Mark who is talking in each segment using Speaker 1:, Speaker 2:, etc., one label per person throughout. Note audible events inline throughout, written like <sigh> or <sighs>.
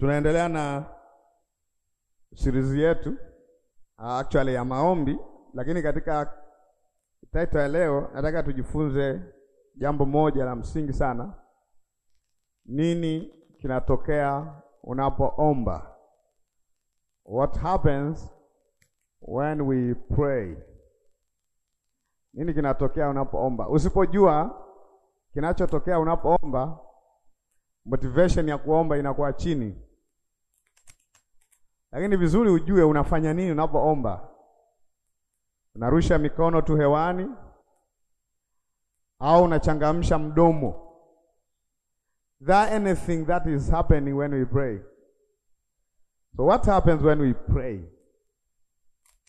Speaker 1: Tunaendelea na series yetu uh, actually ya maombi, lakini katika title ya leo nataka tujifunze jambo moja la msingi sana. Nini kinatokea unapoomba? What happens when we pray? Nini kinatokea unapoomba? Usipojua kinachotokea unapoomba, motivation ya kuomba inakuwa chini. Lakini vizuri ujue unafanya nini unapoomba. Unarusha mikono tu hewani au unachangamsha mdomo? That anything that is happening when we pray. So what happens when we pray?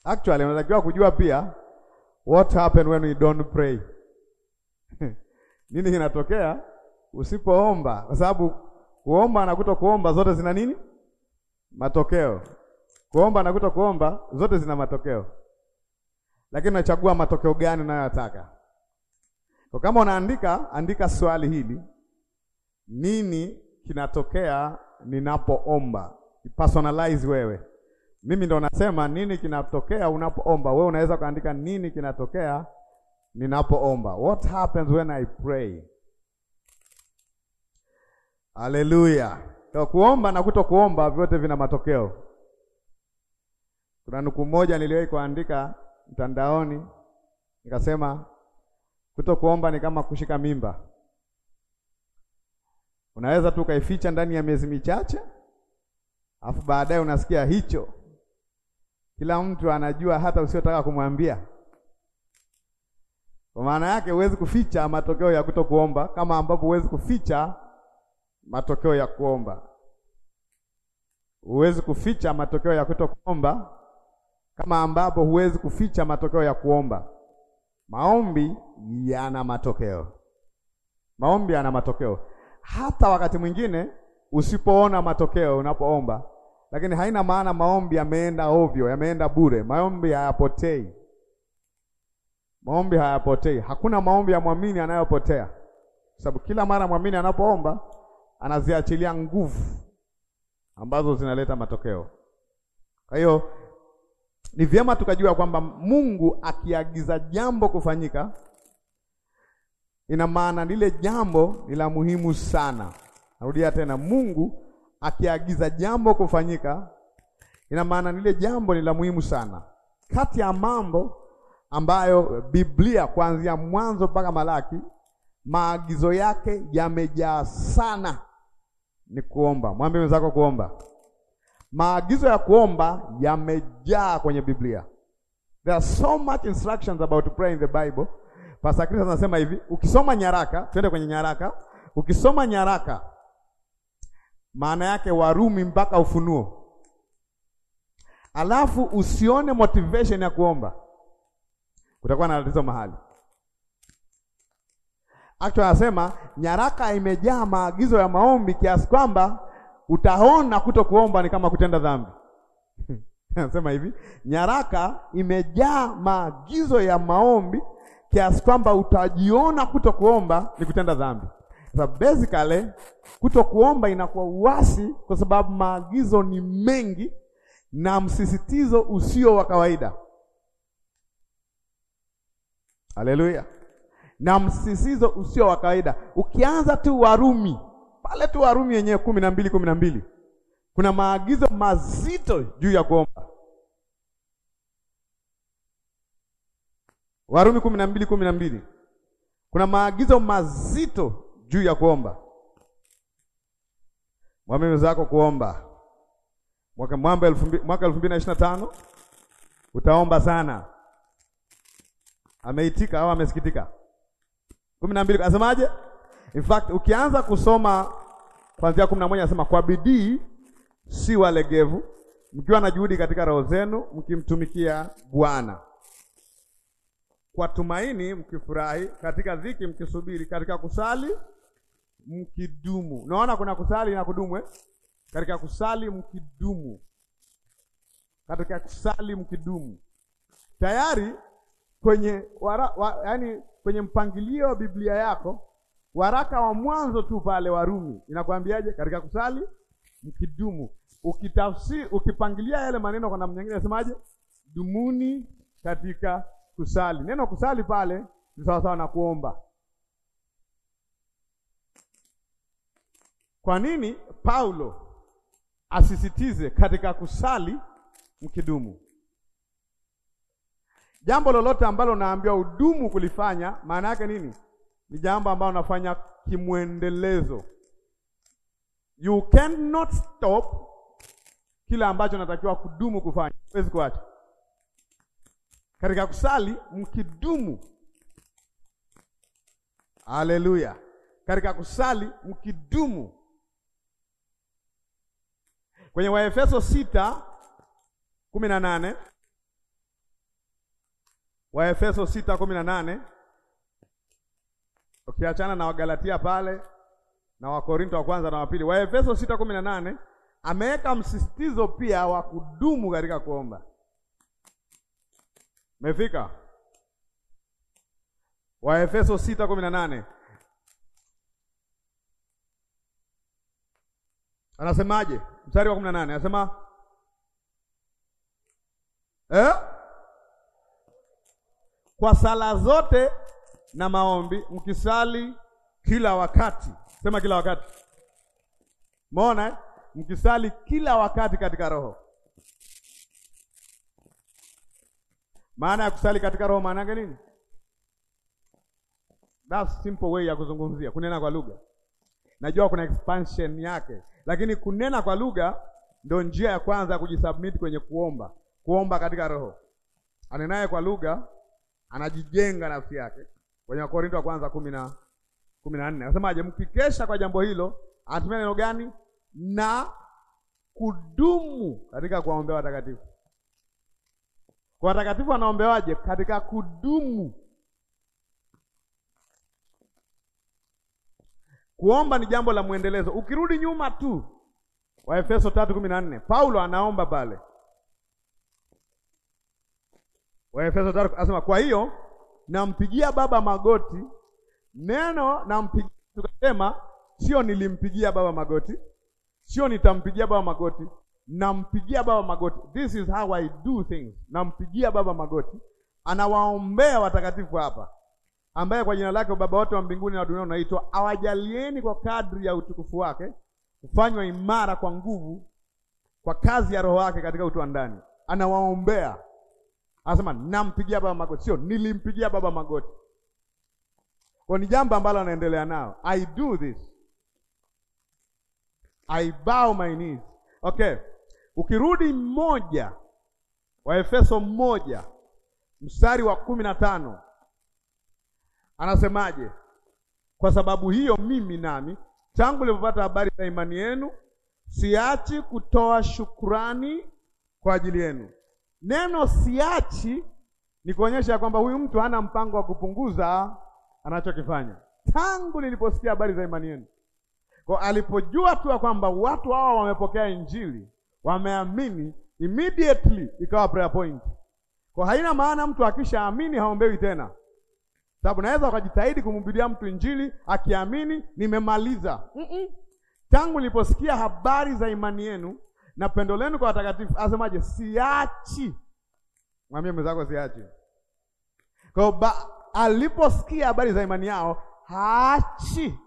Speaker 1: Actually, unatakiwa kujua pia what happen when we don't pray. <laughs> Nini kinatokea usipoomba? Kwa sababu kuomba na kutokuomba zote zina nini? matokeo. Kuomba na kuomba zote zina matokeo, lakini unachagua matokeo gani unayotaka. Kwa kama unaandika, andika swali hili, nini kinatokea ninapoomba? Personalize wewe. Mimi ndo nasema nini kinatokea unapoomba. Wewe unaweza kuandika nini kinatokea ninapoomba, what happens when I pray. Hallelujah. Kwa kuomba na kuomba vyote vina matokeo. Kuna nuku moja niliwahi kuandika mtandaoni nikasema, kuto kuomba ni kama kushika mimba, unaweza tu ukaificha ndani ya miezi michache, alafu baadaye unasikia hicho, kila mtu anajua, hata usiotaka kumwambia. Kwa maana yake huwezi kuficha matokeo ya kuomba kama ambapo huwezi kuficha matokeo ya kuomba. Huwezi kuficha matokeo ya kutokuomba, kama ambapo huwezi kuficha matokeo ya kuomba. Maombi yana matokeo, maombi yana matokeo. Hata wakati mwingine usipoona matokeo unapoomba, lakini haina maana maombi yameenda ovyo, yameenda bure. Maombi hayapotei, maombi hayapotei. Hakuna maombi ya mwamini anayopotea, sababu kila mara mwamini anapoomba anaziachilia nguvu ambazo zinaleta matokeo. Kwa hiyo ni vyema tukajua kwamba Mungu akiagiza jambo kufanyika, ina maana lile jambo ni la muhimu sana. Narudia tena, Mungu akiagiza jambo kufanyika, ina maana lile jambo ni la muhimu sana. Kati ya mambo ambayo Biblia kuanzia Mwanzo mpaka Malaki maagizo yake yamejaa sana ni kuomba. Mwambie mwenzako kuomba. Maagizo ya kuomba yamejaa kwenye Biblia. There are so much instructions about pray in the Bible. Pastor Chris anasema hivi, ukisoma nyaraka, twende kwenye nyaraka. Ukisoma nyaraka maana yake Warumi mpaka Ufunuo. Alafu usione motivation ya kuomba, kutakuwa na tatizo mahali. Aktu anasema nyaraka imejaa maagizo ya maombi kiasi kwamba utaona kuto kuomba ni kama kutenda dhambi. <laughs> Anasema hivi, nyaraka imejaa maagizo ya maombi kiasi kwamba utajiona kuto kuomba ni kutenda dhambi. Sasa basically kuto kuomba inakuwa uasi kwa sababu maagizo ni mengi na msisitizo usio wa kawaida. Haleluya na msisizo usio wa kawaida. Ukianza tu Warumi pale tu Warumi yenyewe kumi na mbili kumi na mbili kuna maagizo mazito juu ya kuomba. Warumi kumi na mbili kumi na mbili kuna maagizo mazito juu ya kuomba. Mwambie wenzako kuomba. Mwaka mwamba mwaka elfu mbili na ishirini na tano utaomba sana. Ameitika au amesikitika? kumi na mbili asemaje? In fact ukianza kusoma kuanzia kumi na moja anasema kwa bidii, si walegevu, mkiwa na juhudi katika roho zenu, mkimtumikia Bwana kwa tumaini, mkifurahi katika dhiki, mkisubiri katika kusali, mkidumu. Unaona kuna kusali na kudumu eh? Katika kusali mkidumu, katika kusali mkidumu, tayari kwenye wara, wa, yani kwenye mpangilio wa Biblia yako, waraka wa mwanzo tu pale Warumi inakwambiaje? Katika kusali mkidumu, ukitafsi ukipangilia yale maneno kwa namna nyingine, nasemaje? Dumuni katika kusali. Neno kusali pale ni sawasawa na kuomba. Kwa nini Paulo asisitize katika kusali mkidumu? Jambo lolote ambalo naambiwa udumu kulifanya, maana yake nini? Ni jambo ambalo nafanya kimwendelezo. You cannot stop kila ambacho natakiwa kudumu kufanya, huwezi kuacha. Katika kusali mkidumu, haleluya! Katika kusali mkidumu, kwenye Waefeso sita kumi na nane Waefeso 6:18 ukiachana na Wagalatia pale na Wakorinto wa kwanza na wa pili, Waefeso 6:18 ameweka msisitizo pia wa kudumu katika kuomba. Mefika Waefeso 6:18 anasemaje? Mstari wa 18 anasema eh? kwa sala zote na maombi mkisali kila wakati. Sema kila wakati. mona eh? Mkisali kila wakati katika roho. Maana ya kusali katika roho maana yake nini? That's simple way ya kuzungumzia kunena kwa lugha. Najua kuna expansion yake, lakini kunena kwa lugha ndio njia ya kwanza ya kujisubmit kwenye kuomba, kuomba katika roho. Anenaye kwa lugha anajijenga nafsi yake. Kwenye Wakorintho wa kwanza kumi na kumi na nne anasemaje? Mkikesha kwa jambo hilo, anatumia neno gani? Na kudumu katika kuwaombea watakatifu. Kwa watakatifu anaombewaje? Katika kudumu. Kuomba ni jambo la mwendelezo. Ukirudi nyuma tu, Waefeso tatu kumi na nne Paulo anaomba pale Waefeso tatu asema, kwa hiyo nampigia baba magoti. Neno nampigia tukasema sio nilimpigia baba magoti, sio nitampigia baba magoti, nampigia baba magoti. This is how I do things. Nampigia baba magoti, anawaombea watakatifu hapa, ambaye kwa jina lake baba wote wa mbinguni na duniani unaitwa, awajalieni kwa kadri ya utukufu wake kufanywa imara kwa nguvu, kwa kazi ya Roho wake katika utu wa ndani. Anawaombea Anasema nampigia baba magoti, sio nilimpigia baba magoti. Kwa ni jambo ambalo anaendelea nao, I do this, I bow my knees. Okay, ukirudi mmoja wa Efeso mmoja mstari wa kumi na tano anasemaje? Kwa sababu hiyo mimi nami tangu nilipopata habari za imani yenu siachi kutoa shukurani kwa ajili yenu Neno siachi ni kuonyesha kwamba huyu mtu hana mpango wa kupunguza anachokifanya tangu niliposikia habari za imani yenu. Kwa alipojua tu kwamba watu hawa wamepokea Injili, wameamini, immediately ikawa prayer point. Kwa haina maana mtu akishaamini haombewi tena, sababu naweza ukajitahidi kumhubiria mtu Injili akiamini, nimemaliza. Mm -mm. Tangu niliposikia habari za imani yenu na pendo lenu kwa watakatifu, asemaje? Siachi. Mwambie mwenzako siachi. Kwa aliposikia habari za imani yao, haachi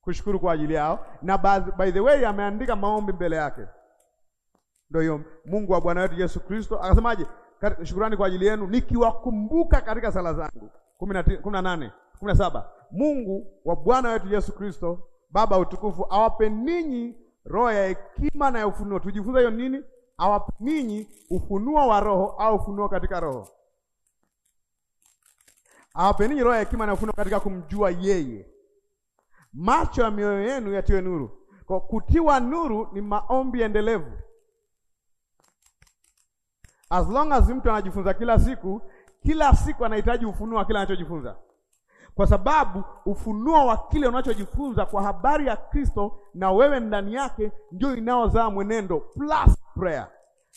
Speaker 1: kushukuru kwa ajili yao, na by the way ameandika maombi mbele yake. Ndio hiyo Mungu wa Bwana wetu Yesu Kristo akasemaje? Shukurani kwa ajili yenu nikiwakumbuka katika sala zangu. 18 17 saba Mungu wa Bwana wetu Yesu Kristo Baba utukufu awape ninyi roho ya hekima na ya ufunuo. Tujifunza hiyo nini? Awapa ninyi ufunuo wa roho au ufunuo katika roho. Awape ninyi roho ya hekima na ufunuo katika kumjua yeye. Macho ya mioyo yenu yatiwe nuru. Kwa kutiwa nuru ni maombi endelevu. As long as mtu anajifunza kila siku, kila siku anahitaji ufunuo kila anachojifunza kwa sababu ufunuo wa kile unachojifunza kwa habari ya Kristo na wewe ndani yake ndio inaozaa mwenendo plus prayer.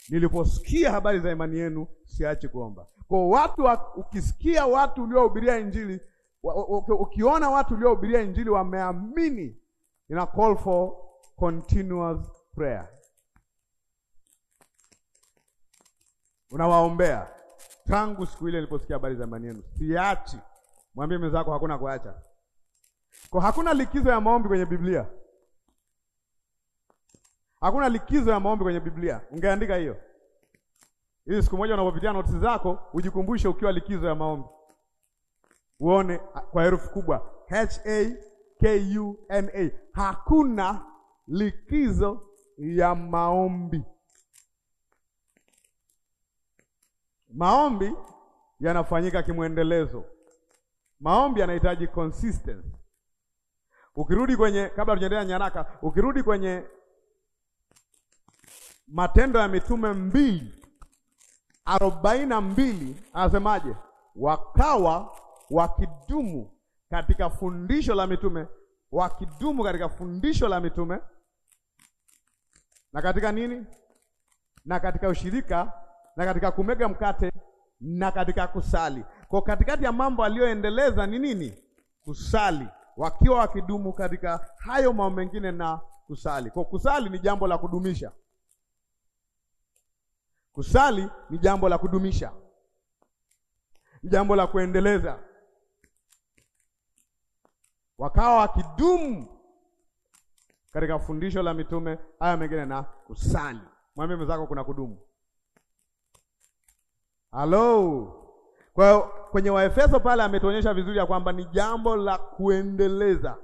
Speaker 1: Niliposikia habari za imani yenu, siache kuomba. Kwa watu wa, ukisikia watu uliohubiria Injili, ukiona watu uliohubiria Injili wameamini, ina call for continuous prayer. Unawaombea tangu siku ile niliposikia habari za imani yenu, siachi Mwambie mwenzako hakuna kuacha. Kwa hakuna likizo ya maombi kwenye Biblia. Hakuna likizo ya maombi kwenye Biblia. Ungeandika hiyo. Ili siku moja unapopitia notisi zako ujikumbushe ukiwa likizo ya maombi. Uone ah, kwa herufi kubwa H A K U N A. Hakuna likizo ya maombi. Maombi yanafanyika kimwendelezo. Maombi yanahitaji consistency. Ukirudi kwenye, kabla tujaendelea nyaraka, ukirudi kwenye Matendo ya Mitume mbili arobaini na mbili anasemaje? Wakawa wakidumu katika fundisho la mitume, wakidumu katika fundisho la mitume na katika nini, na katika ushirika, na katika kumega mkate, na katika kusali. Kwa katikati ya mambo aliyoendeleza ni nini? Kusali, wakiwa wakidumu katika hayo mambo mengine na kusali. Kwa kusali ni jambo la kudumisha, kusali ni jambo la kudumisha, ni jambo la kuendeleza. Wakawa wakidumu katika fundisho la mitume, haya mengine na kusali. Mwambie mwenzako kuna kudumu. Halo. Kwa hiyo kwenye Waefeso pale ametuonyesha vizuri ya kwamba ni jambo la kuendeleza,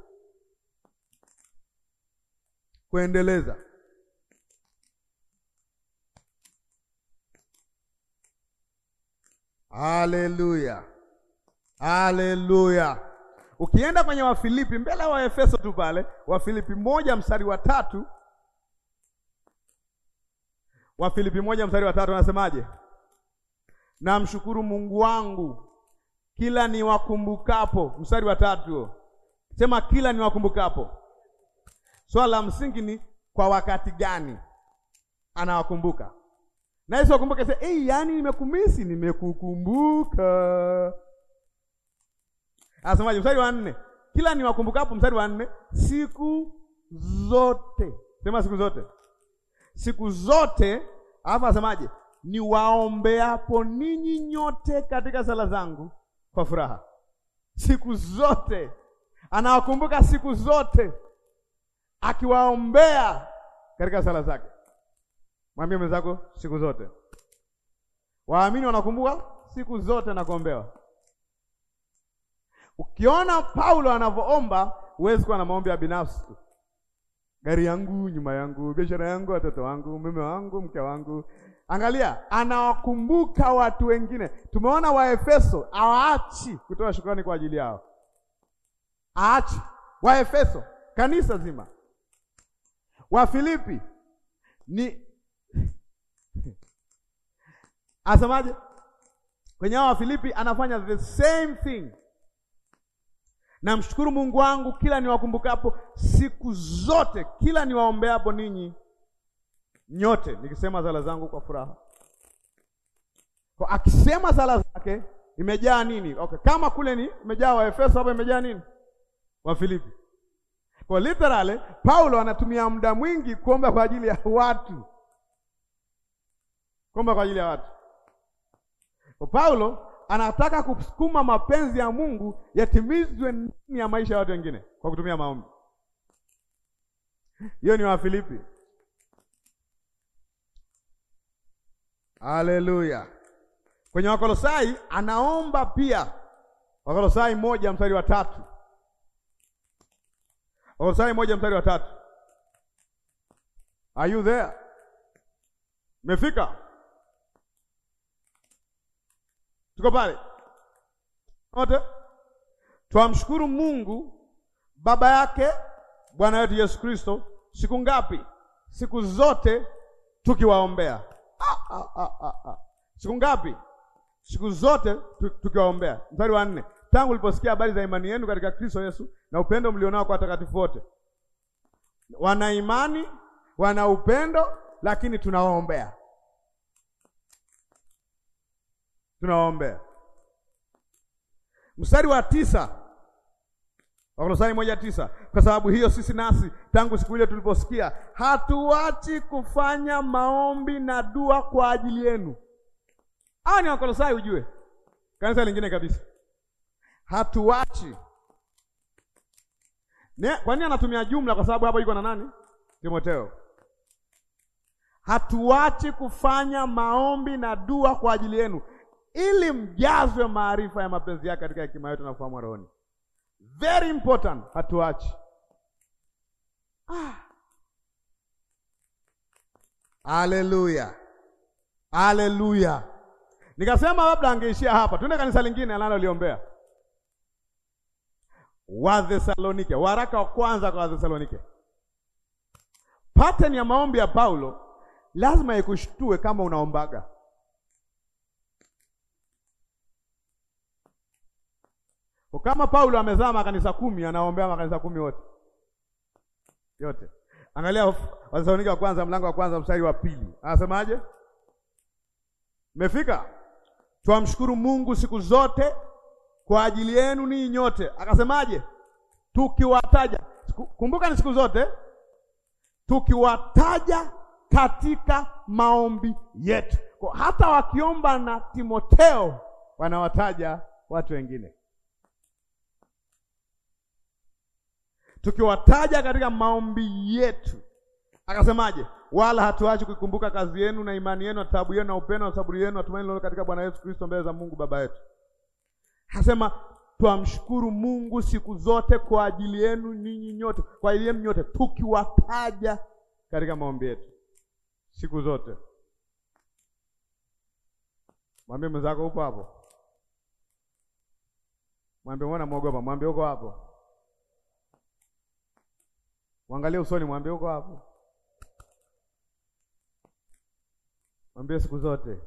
Speaker 1: kuendeleza Haleluya, haleluya. Ukienda kwenye Wafilipi mbele wa Waefeso tu pale, Wafilipi moja mstari wa tatu, Wafilipi moja mstari wa tatu anasemaje? namshukuru Mungu wangu kila niwakumbukapo. Mstari wa tatu, sema kila niwakumbukapo. Swala la msingi ni kwa wakati gani anawakumbuka, na Yesu akumbuke sasa. Hey, yani nimekumisi, nimekukumbuka. Asemaje? Mstari wa nne, kila niwakumbukapo, mstari wa nne, siku zote. Sema siku zote, siku zote. Alafu asemaje? niwaombeapo ninyi nyote katika sala zangu kwa furaha siku zote. Anawakumbuka siku zote, akiwaombea katika sala zake. Mwambie mwenzako siku zote. Waamini wanakumbuka siku zote na kuombewa. Ukiona Paulo anavyoomba, huwezi kuwa na maombi ya binafsi Gari yangu, nyuma yangu, biashara yangu, watoto wangu, mume wangu, mke wangu, Angalia, anawakumbuka watu wengine. Tumeona Waefeso awaachi kutoa shukrani kwa ajili yao, aachi Waefeso, kanisa zima, Wafilipi ni <laughs> asemaje kwenye hao Wafilipi? Anafanya the same thing, namshukuru Mungu wangu kila niwakumbukapo siku zote, kila niwaombeapo ninyi nyote nikisema sala zangu kwa furaha. Kwa akisema sala zake imejaa nini? Okay, kama kule ni imejaa Waefeso, hapa imejaa nini? Wafilipi. Kwa literally Paulo anatumia muda mwingi kuomba kwa ajili ya watu, kuomba kwa ajili ya watu. Kwa Paulo anataka kusukuma mapenzi ya Mungu yatimizwe ndani ya maisha ya watu wengine kwa kutumia maombi. Hiyo ni Wafilipi. Haleluya. Kwenye Wakolosai anaomba pia, Wakolosai moja mstari wa tatu Wakolosai moja mstari wa tatu Are you there? Mefika? Tuko pale wote? Twamshukuru Mungu Baba yake Bwana wetu Yesu Kristo siku ngapi? Siku zote tukiwaombea Siku ngapi? Siku zote tukiwaombea. Mstari wa nne, tangu uliposikia habari za imani yenu katika Kristo Yesu na upendo mlionao kwa watakatifu wote. Wana imani, wana upendo, lakini tunawaombea, tunawaombea. Mstari wa tisa Wakolosai moja tisa. Kwa sababu hiyo sisi nasi tangu siku ile tuliposikia hatuachi kufanya maombi na dua kwa ajili yenu. Hao ni Wakolosai, ujue kanisa lingine kabisa. Hatuachi. Kwa nini anatumia jumla? Kwa sababu hapo iko na nani? Timotheo. Hatuachi kufanya maombi na dua kwa ajili yenu ili mjazwe maarifa ya mapenzi yake katika hekima yote na ufahamu wa rohoni very important, hatuachi. Haleluya, ah. Haleluya. Nikasema labda angeishia hapa, tuende kanisa lingine analoliombea Wathesalonike, waraka wa kwanza kwa Wathesalonike. Pattern ya maombi ya Paulo lazima ikushtue kama unaombaga Kwa kama Paulo amezaa makanisa kumi, anaombea makanisa kumi yote yote. Angalia Wathesalonike wa kwanza mlango wa kwanza mstari wa pili anasemaje? mefika twamshukuru Mungu siku zote kwa ajili yenu ninyi nyote. Akasemaje? Tukiwataja, kumbuka ni siku zote, tukiwataja katika maombi yetu. Kwa hata wakiomba na timoteo wanawataja watu wengine. tukiwataja katika maombi yetu. Akasemaje? Wala hatuachi kuikumbuka kazi yenu na imani yenu na taabu yenu na upendo na saburi yenu na tumaini lolote katika Bwana Yesu Kristo mbele za Mungu Baba yetu. Akasema twamshukuru Mungu siku zote kwa ajili yenu ninyi nyote, kwa ajili yenu nyote, tukiwataja katika maombi yetu siku zote. Mwambie mwenzako upo hapo, mwambie mwana mwogopa, mwambie uko hapo. Mwangalie usoni, mwambie uko hapo, mwambie siku zote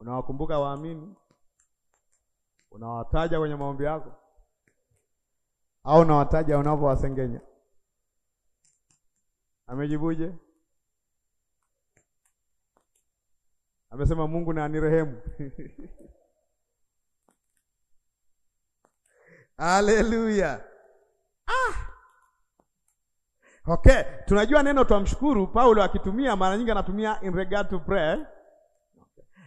Speaker 1: unawakumbuka waamini, unawataja kwenye maombi yako, au unawataja unapowasengenya. Amejibuje? Amesema Mungu na anirehemu. <laughs> Haleluya! Ah! Okay, tunajua neno twamshukuru Paulo akitumia mara nyingi anatumia in regard to prayer.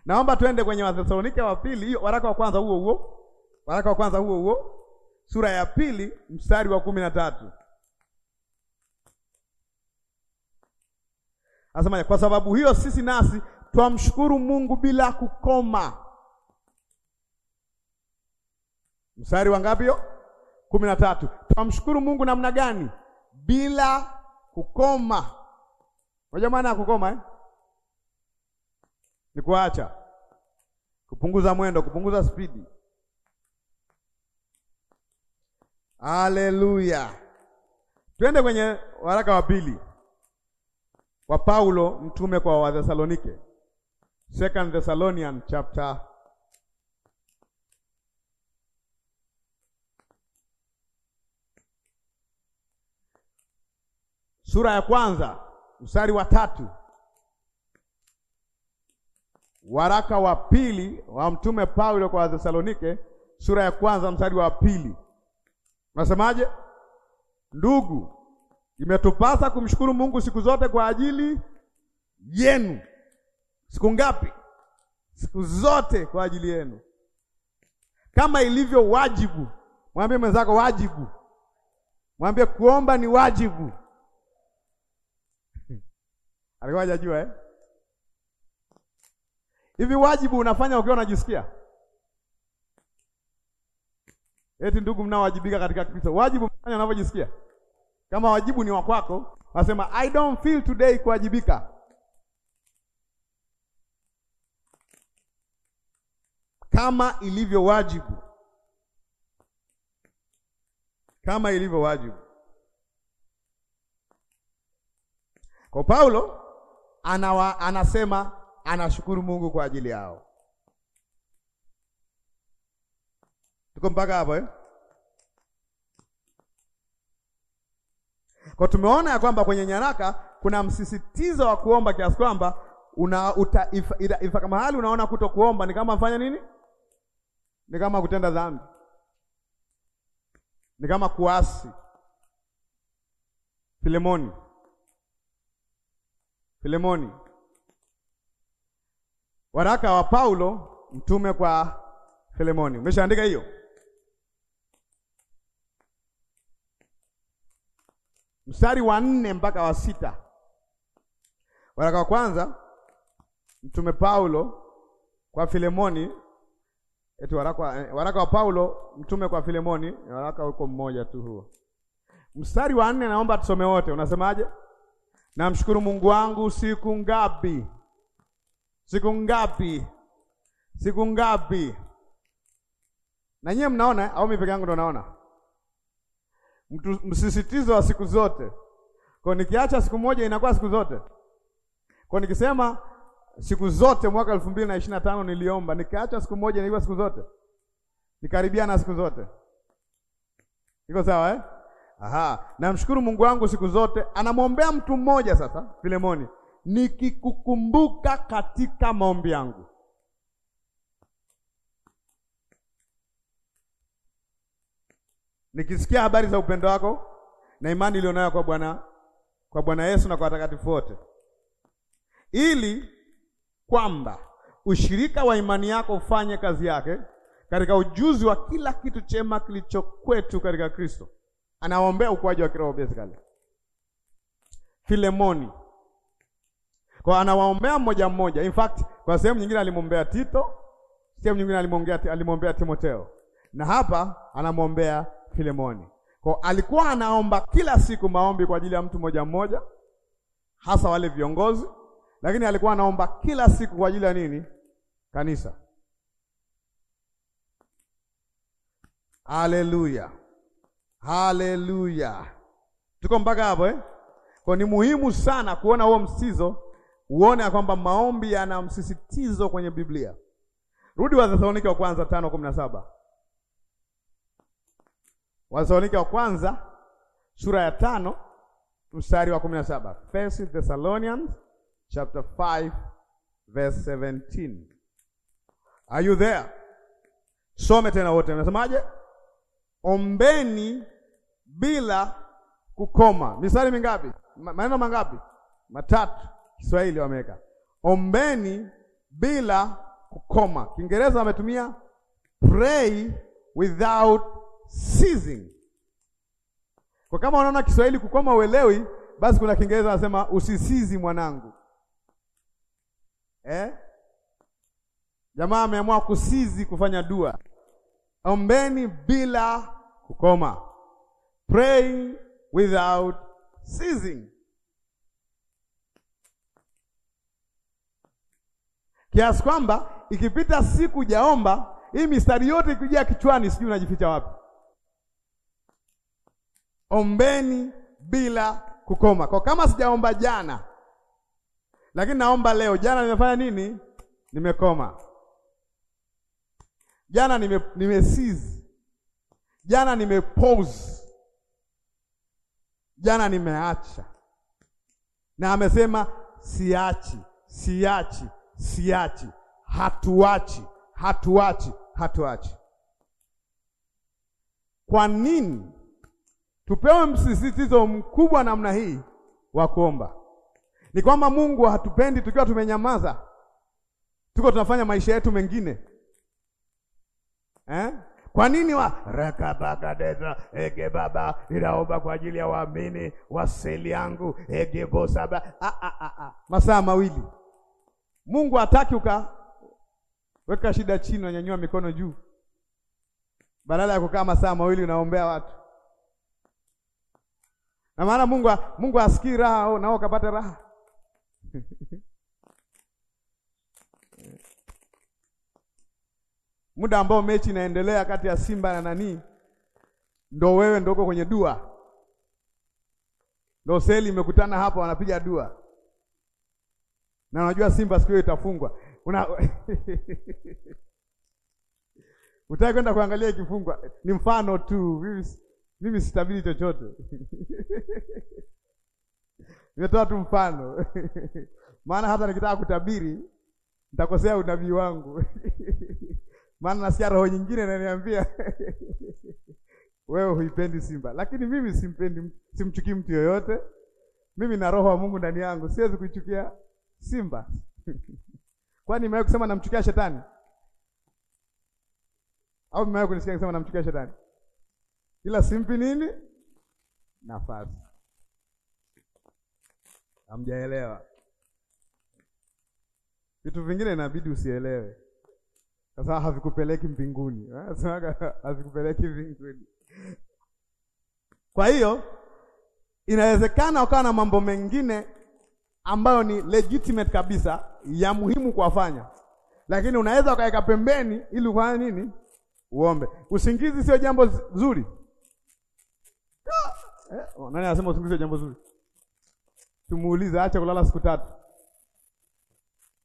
Speaker 1: Naomba tuende kwenye Wathesalonike wa pili, waraka wa kwanza huo huo. Waraka wa kwanza huo huo. Sura ya pili mstari wa kumi na tatu. Anasema kwa sababu hiyo sisi nasi twamshukuru Mungu bila kukoma. Mstari wa ngapi hiyo? kumi na tatu. Twamshukuru Mungu namna gani? bila kukoma. Unajua maana ya kukoma eh? Ni kuacha, kupunguza mwendo, kupunguza spidi. Haleluya! Twende kwenye waraka wa pili wa Paulo mtume kwa Wathesalonike, Second Thessalonian chapter sura ya kwanza mstari wa tatu waraka wa pili wa mtume Paulo kwa thesalonike sura ya kwanza mstari wa pili nasemaje? Ndugu, imetupasa kumshukuru Mungu siku zote kwa ajili yenu. Siku ngapi? Siku zote kwa ajili yenu, kama ilivyo wajibu. Mwambie mwenzako wajibu, mwambie kuomba ni wajibu alikuwa hajajua eh? Hivi wajibu unafanya ukiwa unajisikia? Eti ndugu mnaowajibika katika Kristo, wajibu unafanya unavyojisikia? Kama wajibu ni wa kwako, nasema I don't feel today kuwajibika. Kama ilivyo wajibu, kama ilivyo wajibu kwa Paulo anawa, anasema anashukuru Mungu kwa ajili yao. Tuko mpaka hapo eh? Kwa tumeona ya kwamba kwenye nyaraka kuna msisitizo wa kuomba kiasi kwamba una uta, if, if, if, hali unaona kuto kuomba ni kama mfanya nini? Ni kama kutenda dhambi, ni kama kuasi. Filemoni Filemoni. Waraka wa Paulo mtume kwa Filemoni. Umeshaandika hiyo? Mstari wa nne mpaka wa sita. Waraka wa kwanza mtume Paulo kwa Filemoni, eti waraka, eh, waraka wa Paulo mtume kwa Filemoni, waraka huko mmoja tu huo. Mstari wa nne naomba tusome wote. Unasemaje? Namshukuru Mungu wangu siku ngapi? Siku ngapi? Siku ngapi? Na nyie mnaona au mimi peke yangu ndo naona? msisitizo wa siku zote. Kwa nikiacha siku moja inakuwa siku zote. Kwa nikisema siku zote mwaka elfu mbili na ishirini na tano niliomba, nikiacha siku moja inakuwa siku zote. Nikaribia na siku zote. Iko sawa eh? Aha, namshukuru Mungu wangu siku zote. Anamwombea mtu mmoja sasa, Filemoni, nikikukumbuka katika maombi yangu. Nikisikia habari za upendo wako na imani iliyonayo kwa Bwana kwa Bwana Yesu na kwa watakatifu wote, ili kwamba ushirika wa imani yako ufanye kazi yake katika ujuzi wa kila kitu chema kilicho kwetu katika Kristo anawaombea ukuaji wa kiroho basically. Filemoni kwa anawaombea mmoja mmoja. In fact, kwa sehemu nyingine alimwombea Tito, sehemu nyingine alimwombea alimwombea Timotheo, na hapa anamwombea Filemoni. Kwa alikuwa anaomba kila siku maombi kwa ajili ya mtu mmoja mmoja, hasa wale viongozi, lakini alikuwa anaomba kila siku kwa ajili ya nini? Kanisa. Hallelujah. Haleluya, tuko mpaka hapo eh? Kwa ni muhimu sana kuona huo msizo, uone kwamba maombi yana msisitizo kwenye Biblia. Rudi Wathesalonike wa kwanza tano kumi na saba Wathesalonike wa kwanza sura ya tano mstari wa kumi na saba First Thessalonians chapter 5 verse 17. Are you there? Some tena wote mnasemaje? ombeni bila kukoma. Mistari mingapi? Maneno mangapi? Matatu. Kiswahili wameweka ombeni bila kukoma. Kiingereza wametumia pray without ceasing. Kwa kama unaona Kiswahili kukoma uelewi, basi kuna Kiingereza anasema usisizi mwanangu, eh? Jamaa ameamua kusizi kufanya dua. Ombeni bila kukoma, praying without ceasing. Kiasi kwamba ikipita siku jaomba hii mistari yote ikijia kichwani, sijui unajificha wapi. Ombeni bila kukoma. Kwa kama sijaomba jana, lakini naomba leo, jana nimefanya nini? Nimekoma. Jana nime, nime seize. Jana nime pause. Jana nimeacha, na amesema siachi, siachi, siachi, hatuachi, hatuachi, hatuachi. Kwa nini tupewe msisitizo mkubwa namna hii wa kuomba? Ni kwamba Mungu hatupendi tukiwa tumenyamaza, tuko tunafanya maisha yetu mengine eh? Kwa nini wa rakabakadeza ege baba inaomba kwa ajili ya waamini wa seli yangu a a masaa mawili. Mungu hataki ukaweka shida chini, nyanyua mikono juu, badala ya kukaa masaa mawili unaombea watu. Na maana Mungu Mungu asikii raha oh, nao ukapata raha <laughs> muda ambao mechi inaendelea kati ya Simba na nani, ndo wewe ndo uko kwenye dua, ndo seli imekutana hapa, wanapiga dua na unajua Simba siku hiyo itafungwa una <laughs> utaki kwenda kuangalia ikifungwa. Ni mfano tu, mimi sitabiri chochote <laughs> nimetoa tu mfano <laughs> maana hata nikitaka kutabiri nitakosea unabii wangu maana nasikia roho nyingine inaniambia wewe huipendi Simba, lakini mimi simpendi, simchukii mtu yoyote. Mimi na roho wa Mungu ndani yangu, siwezi kuichukia Simba <laughs> kwani nimewahi kusema namchukia shetani au mmewahi kunisikia kusema namchukia shetani? Ila simpi nini nafasi, hamjaelewa. Vitu vingine inabidi usielewe. Sasa havikupeleki mbinguni, eh, havikupeleki mbinguni. Kwa hiyo inawezekana ukawa na mambo mengine ambayo ni legitimate kabisa ya muhimu kuwafanya, lakini unaweza ukaweka pembeni ili ufanye nini? Uombe. Usingizi sio jambo zuri. Ah, eh, oh, nani anasema usingizi sio jambo zuri? Tumuulize, acha kulala siku tatu.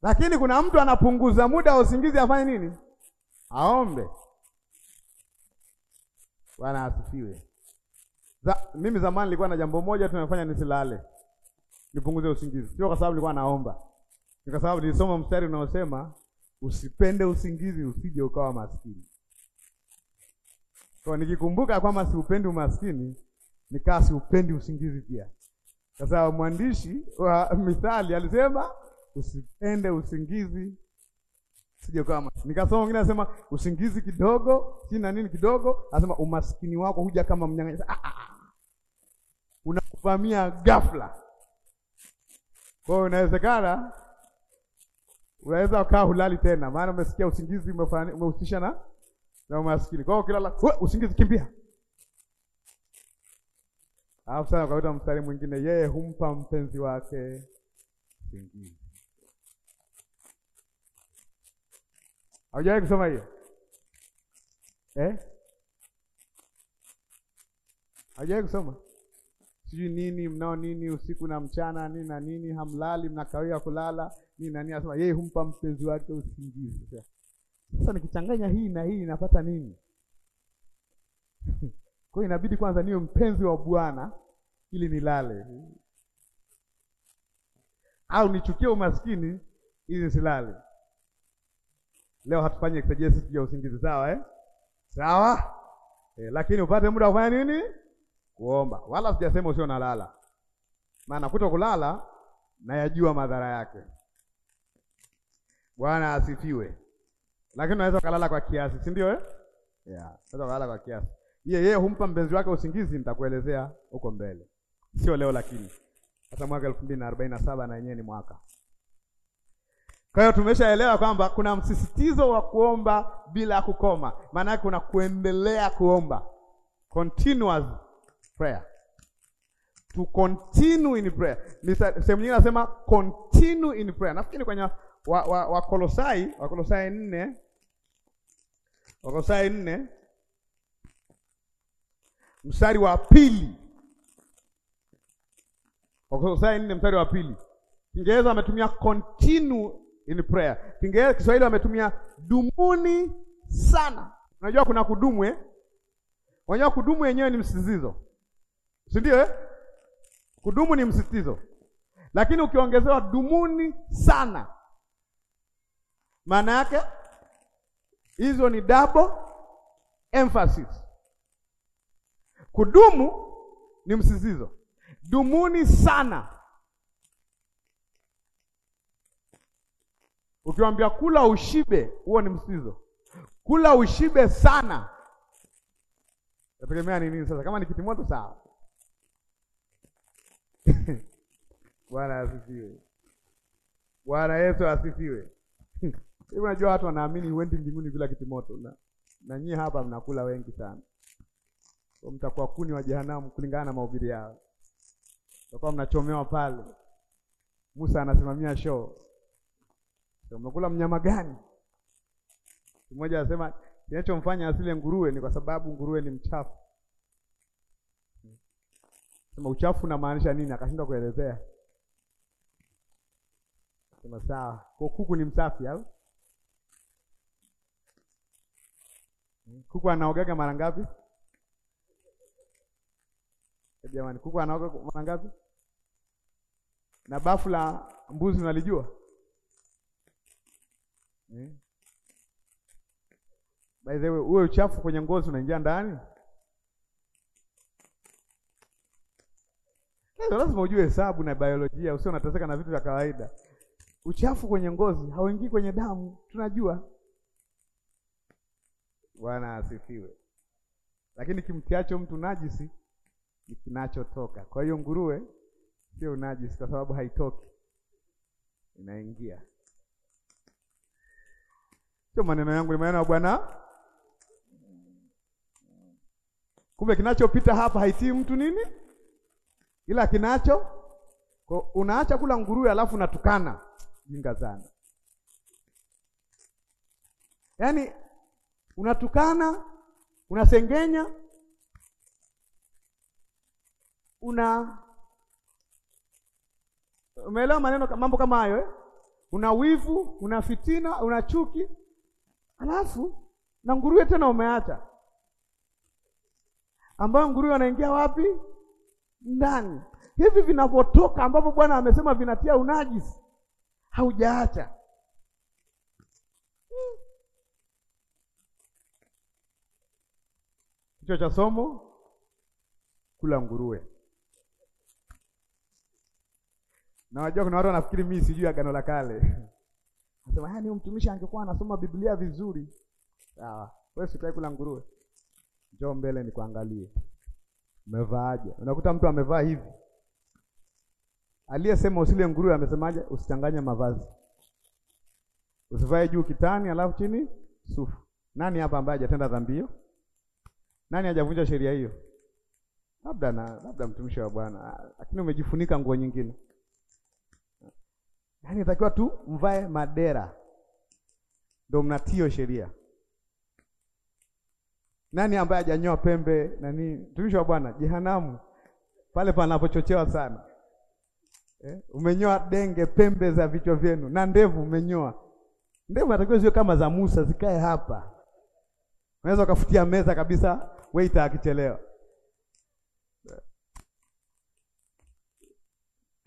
Speaker 1: Lakini kuna mtu anapunguza muda wa usingizi afanye nini? Aombe. Bwana asifiwe. Za, mimi zamani nilikuwa na jambo moja tunafanya nisilale. Nipunguze usingizi. Sio kwa sababu nilikuwa naomba. Ni kwa sababu nilisoma mstari unaosema usipende usingizi usije ukawa maskini. Kwa nikikumbuka kwamba siupendi umaskini, nikaa siupendi usingizi pia. Sasa mwandishi wa Mithali alisema usipende usingizi sije kama nikasoma mwingine anasema usingizi kidogo si na nini kidogo, anasema umaskini wako huja kama mnyang'anyi, ah, ah, ah. unakuvamia ghafla. Kwa hiyo inawezekana unaweza ukaa hulali tena, maana umesikia usingizi umehusisha na na umaskini. Kwa hiyo ukilala usingizi, kimbia. Alafu sana ukakuta mstari mwingine, yeye humpa mpenzi wake usingizi Haujawahi kusoma hiyo eh? Haujawahi kusoma sijui nini, mnao nini usiku na mchana nini na nini, hamlali, mnakawia kulala nini na nini, anasema yeye humpa mpenzi wake usingizi. Sasa nikichanganya hii na hii napata nini? <laughs> Kwa hiyo inabidi kwanza niwe mpenzi wa Bwana ili nilale, au nichukie umaskini ili nisilale. Leo hatufanye exegesis ya usingizi sawa, eh? Sawa? Eh, lakini upate muda wa kufanya nini? Kuomba. Wala sijasema usio nalala. Maana kuto kulala nayajua madhara yake. Bwana asifiwe. Lakini unaweza kulala kwa kiasi, si ndio eh? Yeah, unaweza kulala kwa kiasi. Yeye yeye humpa mpenzi wake usingizi, nitakuelezea huko mbele. Sio leo lakini. Hata mwaka 2047 na yenyewe ni mwaka. Kwa hiyo tumeshaelewa kwamba kuna msisitizo wa kuomba bila kukoma, maana yake kuna kuendelea kuomba, continuous prayer, to continue in prayer. Ni sehemu nyingine nasema continue in prayer, nafikiri kwenye wa, wa, wa Kolosai, wa Kolosai nne Kolosai nne mstari wa pili Kolosai nne mstari wa pili Kiingereza ametumia continue in prayer. Kiingereza Kiswahili wametumia dumuni sana. Unajua kuna kudumu eh? Unajua kudumu yenyewe ni msisitizo. Si ndio eh? Kudumu ni msisitizo. Lakini ukiongezewa dumuni sana, maana yake hizo ni double emphasis. Kudumu ni msisitizo, dumuni sana Ukiwambia kula ushibe, huo ni msizo. Kula ushibe sana, nategemea ni nini sasa? Kama ni kitimoto sawa. <laughs> Bwana asifiwe. Bwana Yesu asifiwe. <laughs> Hivi unajua watu wanaamini huendi mbinguni bila kitimoto, na, na nyie hapa mnakula wengi sana, kwa mtakuwa kuni wa jehanamu kulingana na mahubiri yao, mtakuwa mnachomewa pale. Musa anasimamia show umekula mnyama gani? Mmoja anasema kinachomfanya asile nguruwe ni kwa sababu nguruwe ni mchafu. Sema uchafu unamaanisha nini? Akashindwa kuelezea. Sema sawa, kwa kuku ni msafi au? Kuku anaogaga mara ngapi? Eh, jamani, kuku anaoga mara ngapi? Na bafu la mbuzi unalijua? Hmm? By the way, huo uchafu kwenye ngozi unaingia ndani, lazima ujue hesabu na biolojia, usio unateseka na vitu vya kawaida. Uchafu kwenye ngozi hauingii kwenye damu, tunajua. Bwana asifiwe. Lakini kimtiacho mtu najisi ni kinachotoka. Kwa hiyo nguruwe sio unajisi kwa sababu haitoki, inaingia. Sio maneno yangu, ni maneno ya Bwana. Kumbe kinachopita hapa haitii mtu nini, ila kinacho kwa, unaacha kula nguruwe alafu unatukana jinga sana, yaani unatukana, unasengenya, una umeelewa maneno mambo kama hayo eh? Una wivu, una fitina, una chuki Alafu na nguruwe tena umeacha, ambayo nguruwe wanaingia wapi? Ndani. Hivi vinavyotoka ambapo Bwana amesema vinatia unajisi, haujaacha hmm. Kichwa cha somo kula nguruwe. Na wajua kuna watu wanafikiri mimi sijui agano la kale <laughs> Anasema yaani, mtumishi angekuwa anasoma Biblia vizuri. Sawa. Wewe sitaki kula nguruwe. Njoo mbele nikuangalie. Umevaaje? Unakuta mtu amevaa hivi. Aliyesema usile nguruwe amesemaje? Usichanganye mavazi. Usivae juu kitani alafu chini sufu. Nani hapa ambaye hajatenda dhambi hiyo? Nani hajavunja sheria hiyo? Labda na labda mtumishi wa Bwana, lakini umejifunika nguo nyingine. Yaani natakiwa tu mvae madera, ndio mnatio sheria. Nani ambaye hajanyoa pembe nani? Mtumishi wa Bwana, jehanamu pale panapochochewa sana eh? Umenyoa denge pembe za vichwa vyenu na ndevu, umenyoa ndevu, natakiwa ziwe kama za Musa, zikae hapa. Unaweza ukafutia meza kabisa, waiter akichelewa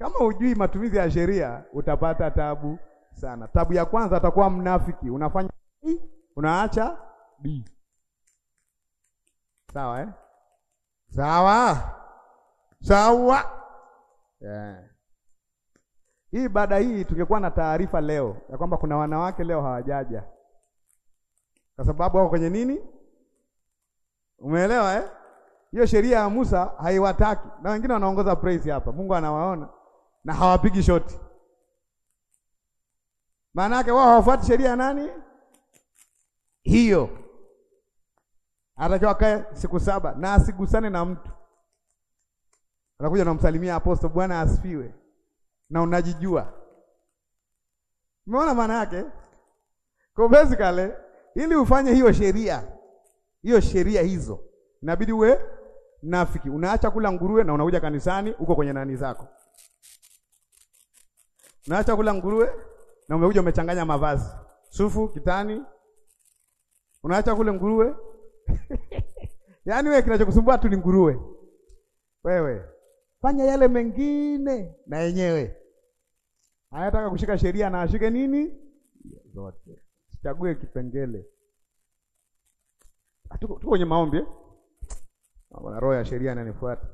Speaker 1: Kama hujui matumizi ya sheria utapata tabu sana. Tabu ya kwanza atakuwa mnafiki, unafanya i, unaacha b. Sawa eh? Sawa sawa, yeah. Hii baada hii tungekuwa na taarifa leo ya kwamba kuna wanawake leo hawajaja kwa sababu wako kwenye nini, umeelewa eh? Hiyo sheria ya Musa haiwataki, na wengine wanaongoza praise hapa. Mungu anawaona na hawapigi shoti. Maana yake wao hawafuati sheria ya nani? Hiyo anatakiwa akae siku saba na asigusane na mtu. Anakuja namsalimia aposto, bwana asifiwe, na unajijua. Umeona maana yake? Kwa basically, ili ufanye hiyo sheria hiyo sheria hizo inabidi uwe nafiki, unaacha kula nguruwe na unakuja kanisani, uko kwenye nani zako. Umeacha kula nguruwe na umekuja umechanganya mavazi. Sufu kitani. Unaacha kule nguruwe. <laughs> Yaani wewe kinachokusumbua tu ni nguruwe. Wewe fanya yale mengine na yenyewe. Anataka kushika sheria na ashike nini? Zote. Sichague kipengele. Tuko kwenye maombi eh? Roho ya sheria inanifuata.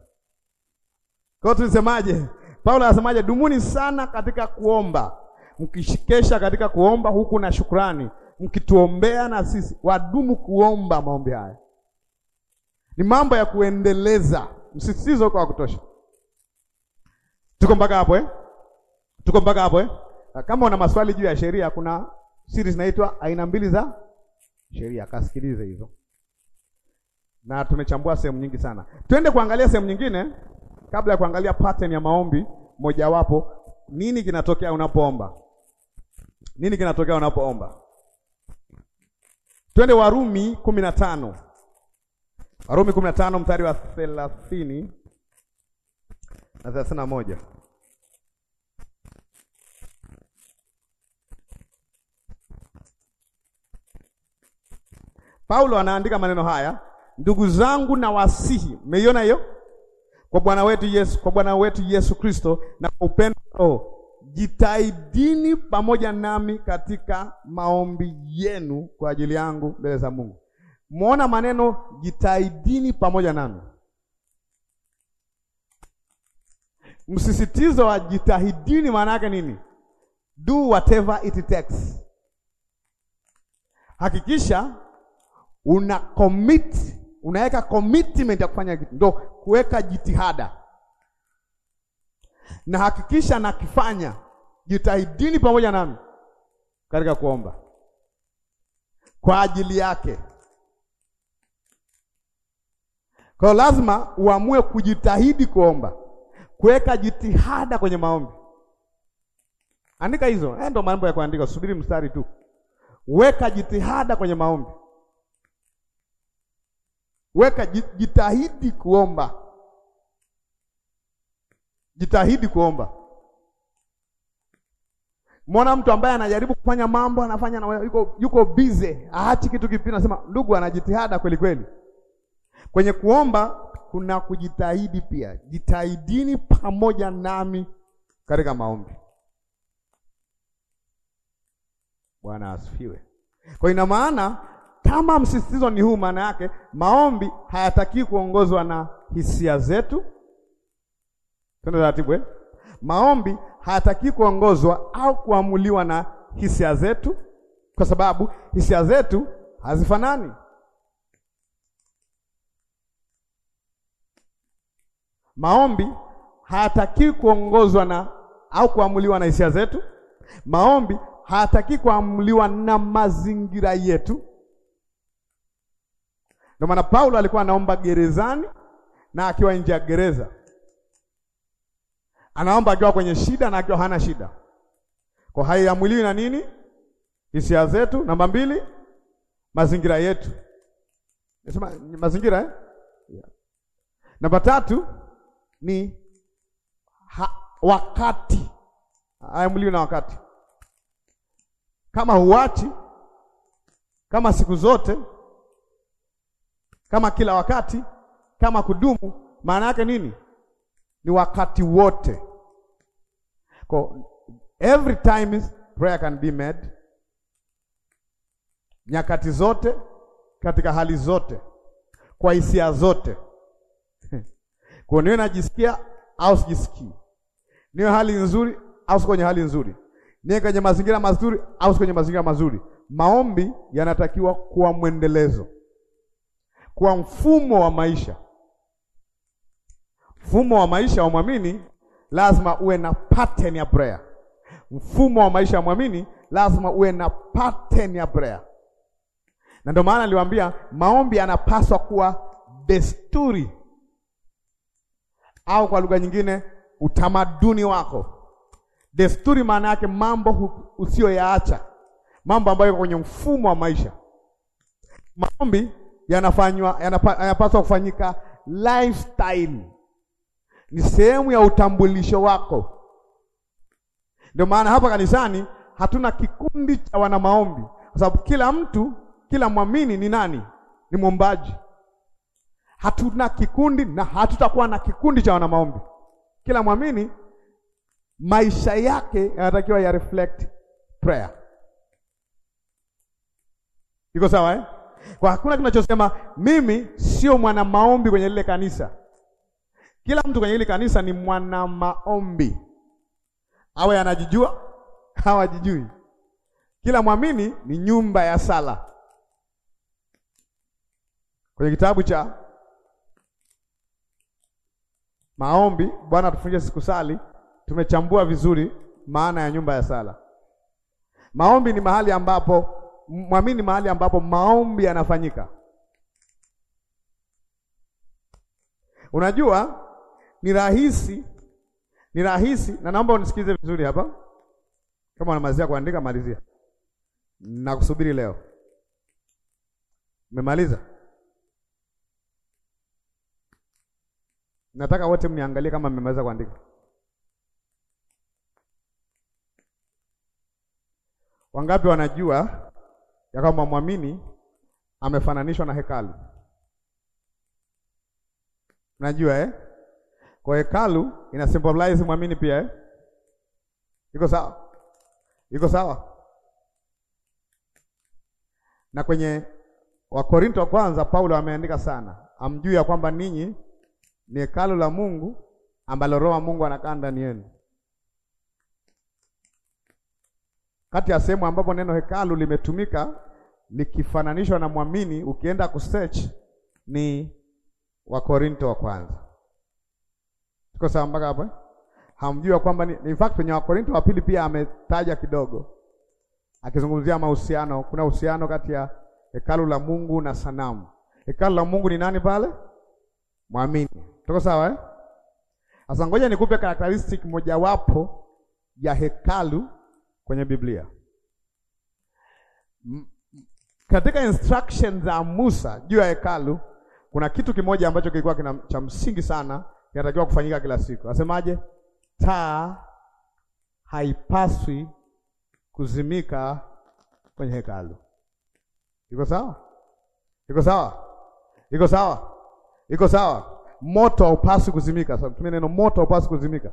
Speaker 1: Kwa tulisemaje? Paulo anasemaje? Dumuni sana katika kuomba, mkishikesha katika kuomba huku na shukrani, mkituombea na sisi. Wadumu kuomba maombi haya. Ni mambo ya kuendeleza, msisitizo kwa kutosha. Tuko mpaka hapo eh? Tuko mpaka hapo eh? Kama una maswali juu ya sheria, kuna series inaitwa aina mbili za sheria, kasikilize hizo, na tumechambua sehemu nyingi sana. Twende kuangalia sehemu nyingine kabla ya kuangalia pattern ya maombi mojawapo, nini kinatokea unapoomba? Nini kinatokea unapoomba? Twende Warumi kumi na tano. Warumi 15 mstari wa 30 na thelathini moja. Paulo anaandika maneno haya, ndugu zangu, na wasihi. Mmeiona hiyo? kwa Bwana wetu Yesu, kwa Bwana wetu Yesu Kristo na kwa upendo oh, jitahidini pamoja nami katika maombi yenu kwa ajili yangu mbele za Mungu. Muona maneno jitahidini pamoja nami. Msisitizo wa jitahidini maana yake nini? Do whatever it takes. Hakikisha una commit unaweka commitment ya kufanya kitu, ndo kuweka jitihada. Na hakikisha nakifanya, jitahidini pamoja nami katika kuomba kwa ajili yake. Kwa lazima uamue kujitahidi kuomba, kuweka jitihada kwenye maombi. Andika hizo, eh, ndio mambo ya kuandika, subiri mstari tu. Weka jitihada kwenye maombi weka, jitahidi kuomba, jitahidi kuomba. Mwona mtu ambaye anajaribu kufanya mambo anafanya na yuko, yuko busy, aachi kitu kipi, nasema ndugu ana jitihada kweli kweli. Kwenye kuomba kuna kujitahidi pia, jitahidini pamoja nami katika maombi. Bwana asifiwe. Kwa ina maana kama msisitizo ni huu, maana yake maombi hayataki kuongozwa na hisia zetu. Twende taratibu eh? Maombi hayataki kuongozwa au kuamuliwa na hisia zetu, kwa sababu hisia zetu hazifanani. Maombi hayataki kuongozwa na au kuamuliwa na hisia zetu. Maombi hayataki kuamuliwa na mazingira yetu. Ndio maana Paulo alikuwa anaomba gerezani na akiwa nje ya gereza, anaomba akiwa kwenye shida na akiwa hana shida, kwa haiamwiliwi na nini, hisia zetu. Namba mbili, mazingira yetu, nasema mazingira eh? Yeah. Namba tatu ni ha, wakati haiamwiliwi na wakati, kama huachi kama siku zote kama kila wakati, kama kudumu, maana yake nini? Ni wakati wote. Kwa every time prayer can be made, nyakati zote, katika hali zote, kwa hisia zote <laughs> kwa niwe najisikia au sijisikii, niwe hali nzuri au si kwenye hali nzuri, niwe kwenye mazingira mazuri au si kwenye mazingira mazuri, maombi yanatakiwa kuwa mwendelezo kwa mfumo wa maisha. Mfumo wa maisha wa mwamini lazima uwe na pattern ya prayer. Mfumo wa maisha wa mwamini lazima uwe na pattern ya prayer, na ndio maana niliwaambia maombi yanapaswa kuwa desturi au kwa lugha nyingine utamaduni wako. Desturi maana yake mambo usiyoyaacha, mambo ambayo yako kwenye mfumo wa maisha. Maombi yanafanywa yanapaswa kufanyika lifestyle, ni sehemu ya utambulisho wako. Ndio maana hapa kanisani hatuna kikundi cha wana maombi, kwa sababu kila mtu, kila mwamini ni nani? Ni mwombaji. Hatuna kikundi na hatutakuwa na kikundi cha wana maombi. Kila mwamini maisha yake yanatakiwa ya reflect prayer. Iko sawa eh? Kwa hakuna kinachosema mimi sio mwana maombi kwenye lile kanisa. Kila mtu kwenye ile kanisa ni mwana maombi, awe anajijua hawajijui. Kila mwamini ni nyumba ya sala. Kwenye kitabu cha maombi, Bwana siku sikusali, tumechambua vizuri maana ya nyumba ya sala. Maombi ni mahali ambapo mwamini mahali ambapo maombi yanafanyika. Unajua ni rahisi, ni rahisi, na naomba unisikize vizuri hapa. Kama unamalizia kuandika, malizia, nakusubiri leo. Umemaliza? Nataka wote mniangalie kama mmemaliza kuandika. Wangapi wanajua ya kwamba mwamini amefananishwa na hekalu. Najua eh? Kwa hekalu ina symbolize mwamini pia eh? Iko sawa? Iko sawa? Na kwenye Wakorinto wa kwanza Paulo ameandika sana, amjui ya kwamba ninyi ni hekalu la Mungu ambalo Roho wa Mungu anakaa ndani yenu. Kati ya sehemu ambapo neno hekalu limetumika likifananishwa na mwamini, ukienda kusearch ni Wakorinto wa kwanza. Tuko sawa mpaka hapo? Eh? Hamjua kwamba ni in fact kwenye Wakorinto wa pili pia ametaja kidogo, akizungumzia mahusiano. Kuna uhusiano kati ya hekalu la Mungu na sanamu. Hekalu la Mungu ni nani pale? Mwamini. Tuko sawa eh? Sasa ngoja nikupe characteristic mojawapo ya hekalu kwenye Biblia katika instruction za Musa juu ya hekalu kuna kitu kimoja ambacho kilikuwa kina cha msingi sana kinatakiwa kufanyika kila siku. Asemaje? Taa haipaswi kuzimika kwenye hekalu. Iko sawa? Iko sawa? Iko sawa? Iko sawa? Moto haupaswi kuzimika. Sasa tumie neno moto haupaswi kuzimika.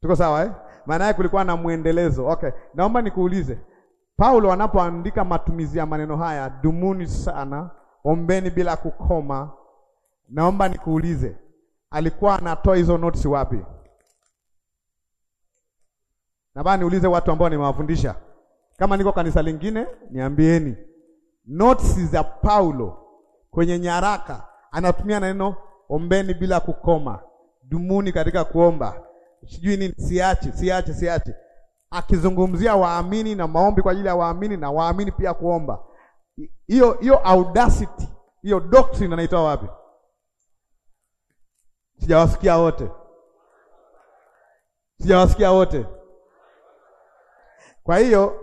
Speaker 1: Tuko sawa eh? Maana kulikuwa na mwendelezo. Okay. Naomba nikuulize, Paulo anapoandika matumizi ya maneno haya, dumuni sana, ombeni bila kukoma. Naomba nikuulize, alikuwa anatoa hizo notes wapi? Nabaa niulize watu ambao nimewafundisha, kama niko kanisa lingine niambieni, notes za Paulo kwenye nyaraka anatumia neno ombeni bila kukoma, dumuni katika kuomba, sijui nini, siache siache siache akizungumzia waamini na maombi kwa ajili ya waamini na waamini pia kuomba. Hiyo hiyo audacity, hiyo doctrine anaitoa wapi? Sijawasikia wote, sijawasikia wote. Kwa hiyo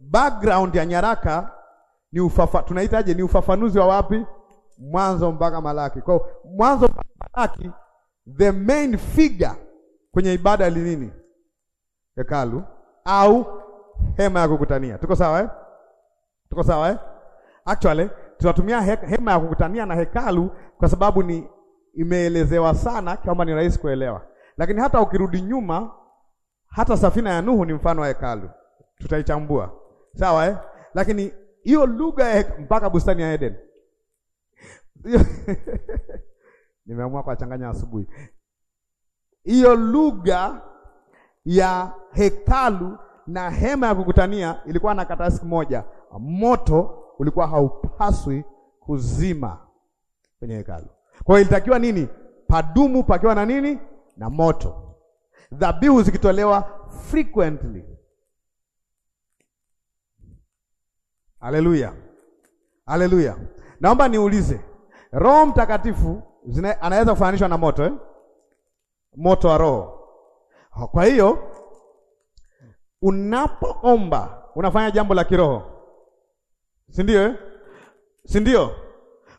Speaker 1: background ya nyaraka ni ufafa, tunahitaje? Ni ufafanuzi wa wapi? Mwanzo mpaka Malaki. Kwa hiyo Mwanzo mpaka Malaki, the main figure kwenye ibada ni nini? Hekalu au hema ya kukutania. Tuko sawa eh? Tuko sawa eh? Actually tunatumia hema ya kukutania na hekalu kwa sababu ni imeelezewa sana kama ni rahisi kuelewa, lakini hata ukirudi nyuma, hata safina ya Nuhu ni mfano wa hekalu, tutaichambua sawa eh? Lakini hiyo lugha ya mpaka bustani ya Eden <laughs> nimeamua kuwachanganya asubuhi. Hiyo lugha ya hekalu na hema ya kukutania ilikuwa na karatasi moja, moto ulikuwa haupaswi kuzima kwenye hekalu. Kwa hiyo ilitakiwa nini? Padumu pakiwa na nini? Na moto, dhabihu zikitolewa frequently. Haleluya, haleluya. Naomba niulize, Roho Mtakatifu anaweza kufananishwa na moto eh? Moto wa Roho kwa hiyo unapoomba unafanya jambo la kiroho, si ndio eh? si ndio?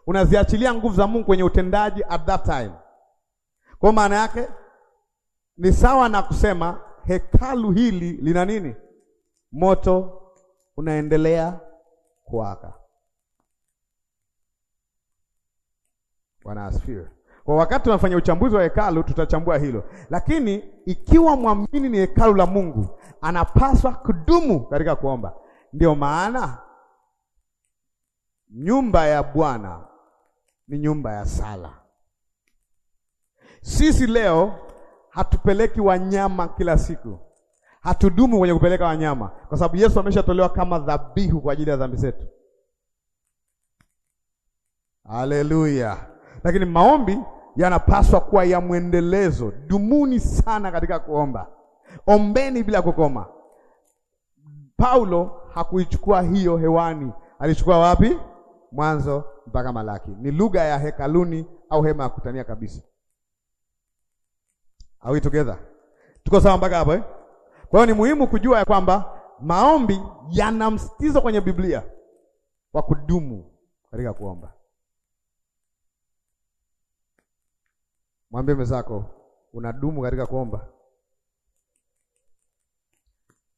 Speaker 1: Unaziachilia nguvu za Mungu kwenye utendaji at that time. Kwa maana yake ni sawa na kusema hekalu hili lina nini? Moto unaendelea kuwaka. Bwana asifiwe. Kwa wakati tunafanya uchambuzi wa hekalu tutachambua hilo, lakini ikiwa mwamini ni hekalu la Mungu, anapaswa kudumu katika kuomba. Ndio maana nyumba ya Bwana ni nyumba ya sala. Sisi leo hatupeleki wanyama kila siku, hatudumu kwenye kupeleka wanyama, kwa sababu Yesu ameshatolewa kama dhabihu kwa ajili ya dhambi zetu. Haleluya! Lakini maombi yanapaswa kuwa ya mwendelezo. Dumuni sana katika kuomba, ombeni bila kukoma. Paulo hakuichukua hiyo hewani, alichukua wapi? Mwanzo mpaka Malaki. Ni lugha ya hekaluni au hema ya kutania kabisa. Are we together? Tuko sawa mpaka hapo eh? Kwa hiyo ni muhimu kujua ya kwamba maombi yana msitizo kwenye Biblia wa kudumu katika kuomba. Mwambie mwenzako unadumu katika kuomba.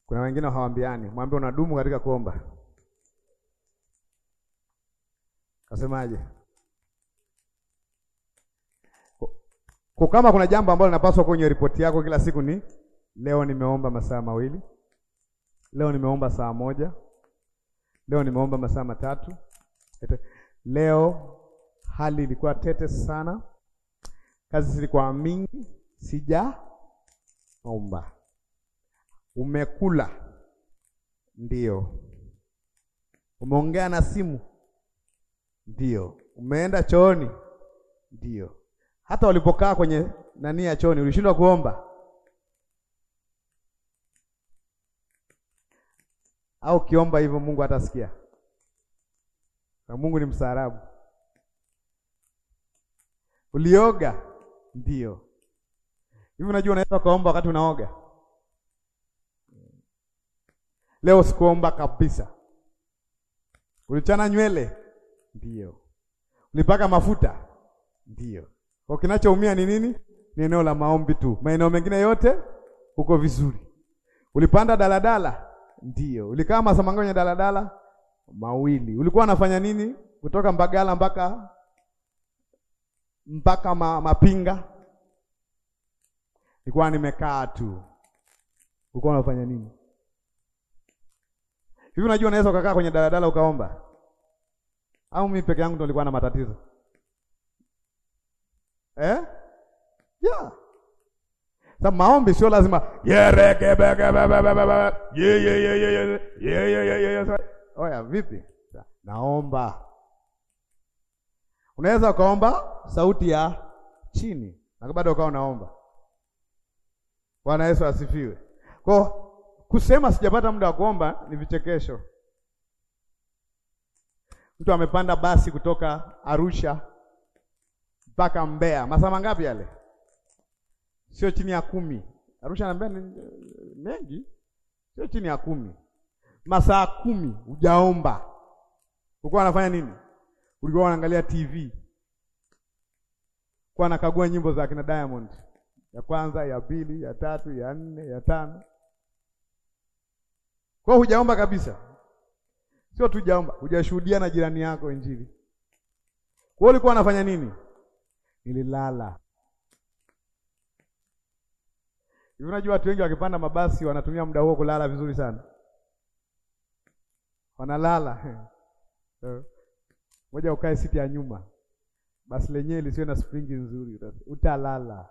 Speaker 1: Kuna wengine hawaambiani, mwambie unadumu katika kuomba. Kasemaje? Kwa kama kuna jambo ambalo linapaswa kwenye ripoti yako kila siku ni leo nimeomba masaa mawili, leo nimeomba saa moja, leo nimeomba masaa matatu, leo hali ilikuwa tete sana Kazi zilikuwa mingi, omba Umekula? Ndio. Umeongea na simu? Ndio. Umeenda chooni? Ndio. Hata walipokaa kwenye nani ya chooni ulishindwa kuomba au kiomba hivyo Mungu atasikia Na Mungu ni msaarabu Ulioga? Ndio. Hivi unajua unaweza ukaomba wakati unaoga? Leo sikuomba kabisa. Ulichana nywele? Ndio. Ulipaka mafuta? Ndio. Kwa kinachoumia ni nini? Ni eneo la maombi tu. Maeneo mengine yote uko vizuri. Ulipanda daladala? Ndio. Ulikaa masaa kwenye daladala? Mawili. Ulikuwa unafanya nini kutoka Mbagala mpaka mpaka ma, mapinga. Nilikuwa nimekaa tu. Ulikuwa unafanya nini? Hivi unajua unaweza ukakaa kwenye daladala ukaomba? Au mimi peke yangu ndo nilikuwa na matatizo? Eh? Yeah. Sa maombi sio lazima yerekebekebebebe. Ye ye ye ye ye ye ye ye. Oya vipi? Naomba Unaweza ukaomba sauti ya chini na bado ukawa unaomba. Bwana Yesu asifiwe. Kwa kusema sijapata muda wa kuomba ni vichekesho. Mtu amepanda basi kutoka Arusha mpaka Mbeya, masaa mangapi yale? Sio chini ya kumi. Arusha na Mbeya ni mengi, sio chini ya kumi, masaa kumi. Hujaomba, ukuwa anafanya nini? ulikuwa unaangalia TV kwa nakagua nyimbo za kina Diamond, ya kwanza, ya pili, ya tatu, ya nne, ya tano. Kwa hujaomba kabisa, sio tu hujaomba, hujashuhudia na jirani yako Injili. Kwa ulikuwa unafanya nini? Nililala. Hivi unajua watu wengi wakipanda mabasi wanatumia muda huo kulala vizuri sana, wanalala <laughs> eh. Ngoja ukae siti ya nyuma, basi lenyewe lisiwe na springi nzuri, utalala.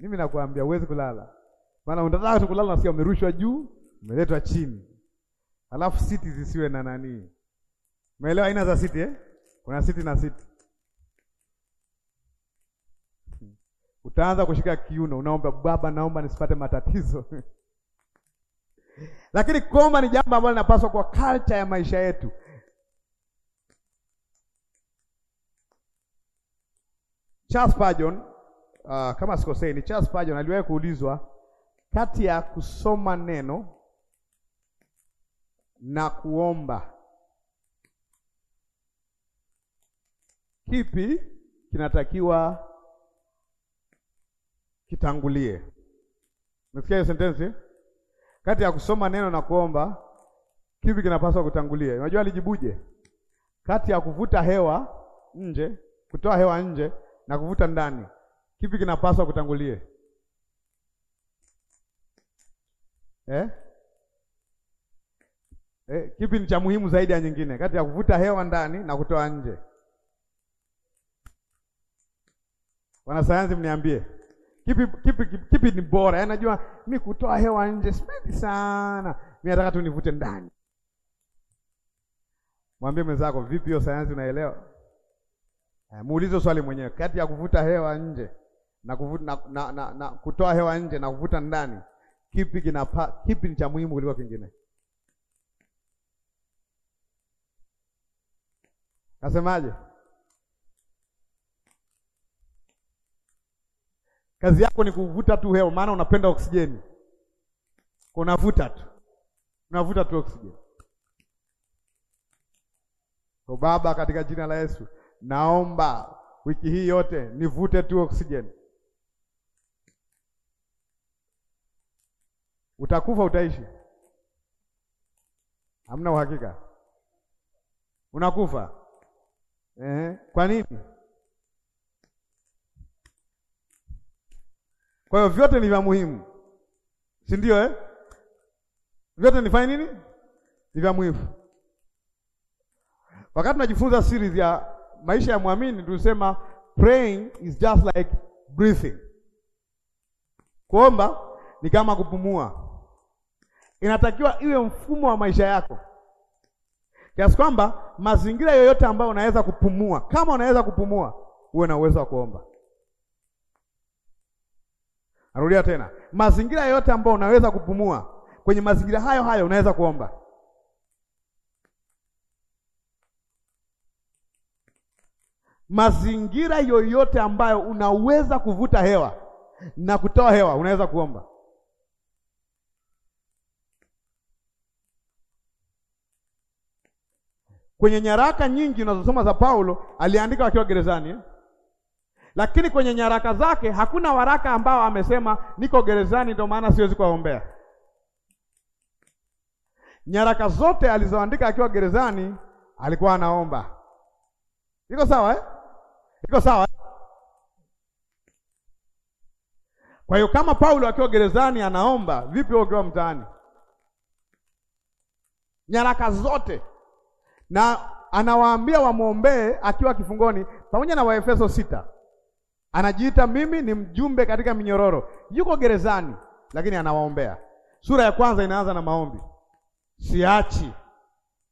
Speaker 1: Mimi nakwambia huwezi kulala, maana unataka kulala, nasikia umerushwa juu, umeletwa chini, alafu siti zisiwe na nani. Umeelewa aina za siti eh? Kuna siti na siti. Utaanza kushika kiuno, unaomba Baba, naomba nisipate matatizo <laughs> lakini kuomba ni jambo ambalo linapaswa kwa culture ya maisha yetu. Charles Spurgeon, uh, kama sikosei ni Charles Spurgeon aliwahi kuulizwa kati ya kusoma neno na kuomba kipi kinatakiwa kitangulie? Umesikia hiyo sentensi? Kati ya kusoma neno na kuomba kipi kinapaswa kutangulie? Unajua alijibuje? Kati ya kuvuta hewa nje, kutoa hewa nje na kuvuta ndani, kipi kinapaswa kutangulie eh? Eh, kipi ni cha muhimu zaidi ya nyingine kati ya kuvuta hewa ndani na kutoa nje? Wanasayansi mniambie, kipi kipi kipi ni bora? Yaani najua mi kutoa hewa nje sipendi sana, mi nataka tu nivute ndani. Mwambie mwenzako, vipi hiyo sayansi unaelewa? Eh, muulize swali mwenyewe, kati ya kuvuta hewa nje na, kuvuta, na, na, na, na kutoa hewa nje na kuvuta ndani, kipi kinapa, kipi ni cha muhimu kuliko kingine? Nasemaje? Kazi yako ni kuvuta tu hewa, maana unapenda oksijeni, unavuta tu, unavuta tu oksijeni. Baba, katika jina la Yesu naomba wiki hii yote nivute tu oxygen. Utakufa utaishi? Hamna uhakika unakufa. Eh, kwa nini? Kwa hiyo vyote ni vya muhimu, si ndio eh? Vyote nifanye nini? Ni vya muhimu. Wakati tunajifunza series ya maisha ya mwamini tulisema praying is just like breathing. Kuomba ni kama kupumua, inatakiwa iwe mfumo wa maisha yako kiasi kwamba mazingira yoyote ambayo unaweza kupumua, kama unaweza kupumua, uwe na uwezo wa kuomba. Narudia tena, mazingira yoyote ambayo unaweza kupumua, kwenye mazingira hayo hayo unaweza kuomba. Mazingira yoyote ambayo unaweza kuvuta hewa na kutoa hewa, unaweza kuomba. Kwenye nyaraka nyingi unazosoma za Paulo, aliandika akiwa gerezani eh? Lakini kwenye nyaraka zake hakuna waraka ambao amesema niko gerezani ndio maana siwezi kuwaombea. Nyaraka zote alizoandika akiwa gerezani alikuwa anaomba. Iko sawa eh? Iko sawa? Eh? Kwa hiyo kama Paulo akiwa gerezani anaomba, vipi wewe ukiwa mtaani? Nyaraka zote na anawaambia wamwombee akiwa kifungoni, pamoja na Waefeso sita. Anajiita mimi ni mjumbe katika minyororo, yuko gerezani, lakini anawaombea. Sura ya kwanza inaanza na maombi, siachi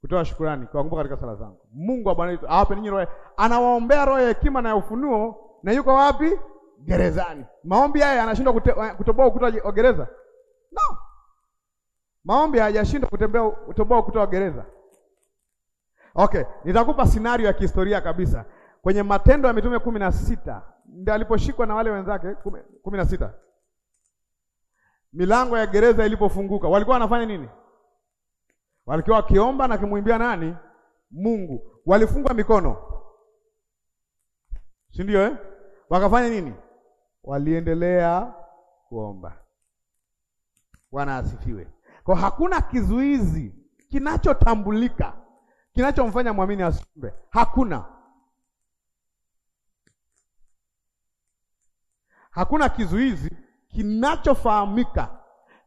Speaker 1: kutoa shukurani kwa kumbuka katika sala zangu. Mungu wa Bwana wetu awape ninyi roho, anawaombea roho ya hekima na ya ufunuo, na yuko wapi? Gerezani. Maombi haya yanashindwa kutoboa ukuta wa gereza? No, maombi hayajashindwa kutembea kutoboa ukuta wa gereza. Okay, nitakupa scenario ya kihistoria kabisa kwenye Matendo ya Mitume kumi na sita ndio aliposhikwa na wale wenzake kumi na sita milango ya gereza ilipofunguka walikuwa wanafanya nini? walikuwa wakiomba na kumwimbia nani? Mungu. Walifungwa mikono, si ndio eh? Wakafanya nini? Waliendelea kuomba. Bwana asifiwe. Kwa hakuna kizuizi kinachotambulika kinachomfanya mwamini asiombe, hakuna hakuna kizuizi kinachofahamika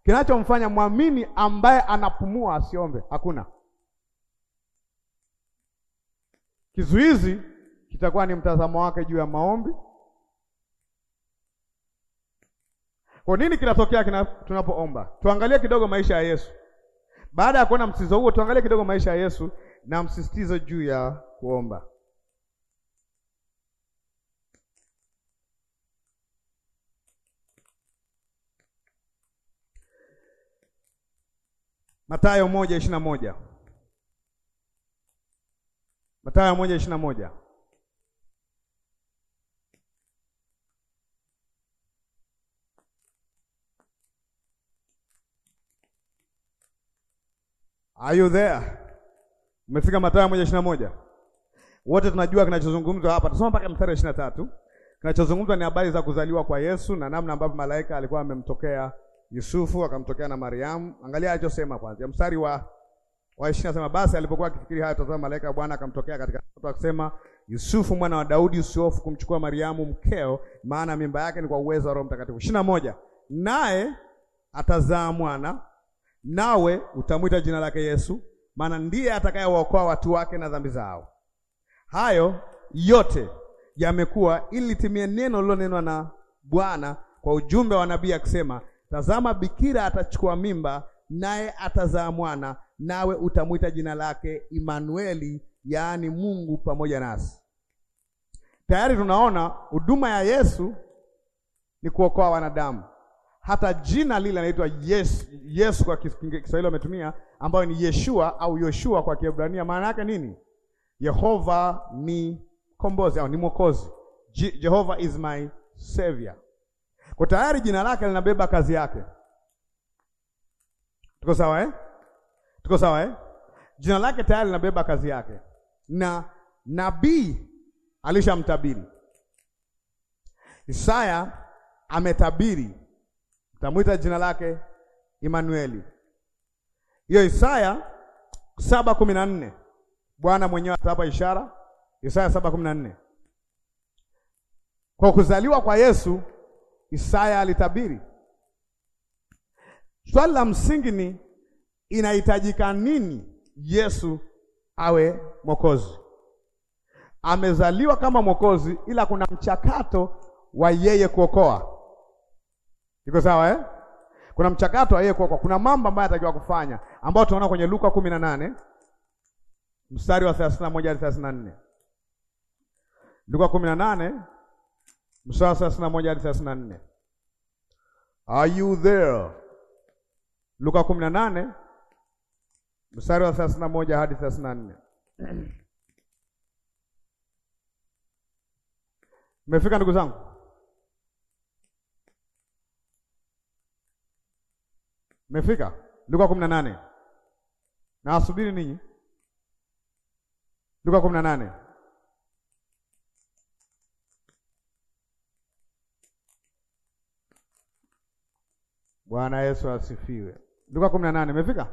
Speaker 1: Kinachomfanya mwamini ambaye anapumua asiombe hakuna kizuizi, kitakuwa ni mtazamo wake juu ya maombi. Kwa nini kinatokea kina, tunapoomba? Tuangalie kidogo maisha ya Yesu. Baada ya kuona msisitizo huo, tuangalie kidogo maisha ya Yesu na msisitizo juu ya kuomba. Mathayo moja ishirini na moja Mathayo moja ishirini na moja Are you there? Umefika Mathayo moja ishirini na moja Wote tunajua kinachozungumzwa hapa, tusoma mpaka mstari ishirini na tatu Kinachozungumzwa ni habari za kuzaliwa kwa Yesu na namna ambavyo malaika alikuwa amemtokea Yusufu akamtokea na Mariamu. Angalia alichosema kwanza, mstari wa wa ishirini anasema, basi alipokuwa akifikiri hayo, tazama, malaika Bwana akamtokea katika ndoto akisema, Yusufu mwana wa Daudi, usihofu kumchukua Mariamu mkeo, maana mimba yake ni kwa uwezo wa Roho Mtakatifu. ishirini na moja naye atazaa mwana, nawe utamwita jina lake Yesu, maana ndiye atakayewaokoa watu wake na dhambi zao. Hayo yote yamekuwa ili litimie neno lilonenwa na Bwana kwa ujumbe wa nabii akisema Tazama, bikira atachukua mimba, naye atazaa mwana, nawe utamwita jina lake Imanueli, yaani Mungu pamoja nasi. Tayari tunaona huduma ya Yesu ni kuokoa wanadamu. Hata jina lile linaitwa Yesu, Yesu kwa Kiswahili wametumia, ambayo ni Yeshua au Yoshua kwa Kiebrania. Maana yake nini? Yehova ni kombozi au ni mwokozi. Jehova is my savior. Kwa tayari jina lake linabeba kazi yake. Tuko sawa eh? Tuko sawa eh? Jina lake tayari linabeba kazi yake, na nabii alishamtabiri Isaya ametabiri tamwita jina lake Imanueli. Hiyo Isaya saba kumi na nne Bwana mwenyewe atapa ishara. Isaya saba kumi na nne Kwa kuzaliwa kwa Yesu Isaya alitabiri. Swali la msingi ni inahitajika nini Yesu awe mwokozi? Amezaliwa kama mwokozi, ila kuna mchakato wa yeye kuokoa. Iko sawa eh? Kuna mchakato wa yeye kuokoa, kuna mambo ambayo anatakiwa kufanya ambayo tunaona kwenye Luka kumi na nane mstari wa 31 hadi 34. Luka kumi na nane mstari thelathini na moja hadi thelathini na nne Are you there? Luka kumi na nane mstari wa thelathini na moja hadi thelathini na nne Mmefika ndugu zangu? Mmefika Luka kumi na nane na asubiri ninyi Luka kumi na nane Bwana Yesu asifiwe. Luka kumi na nane imefika?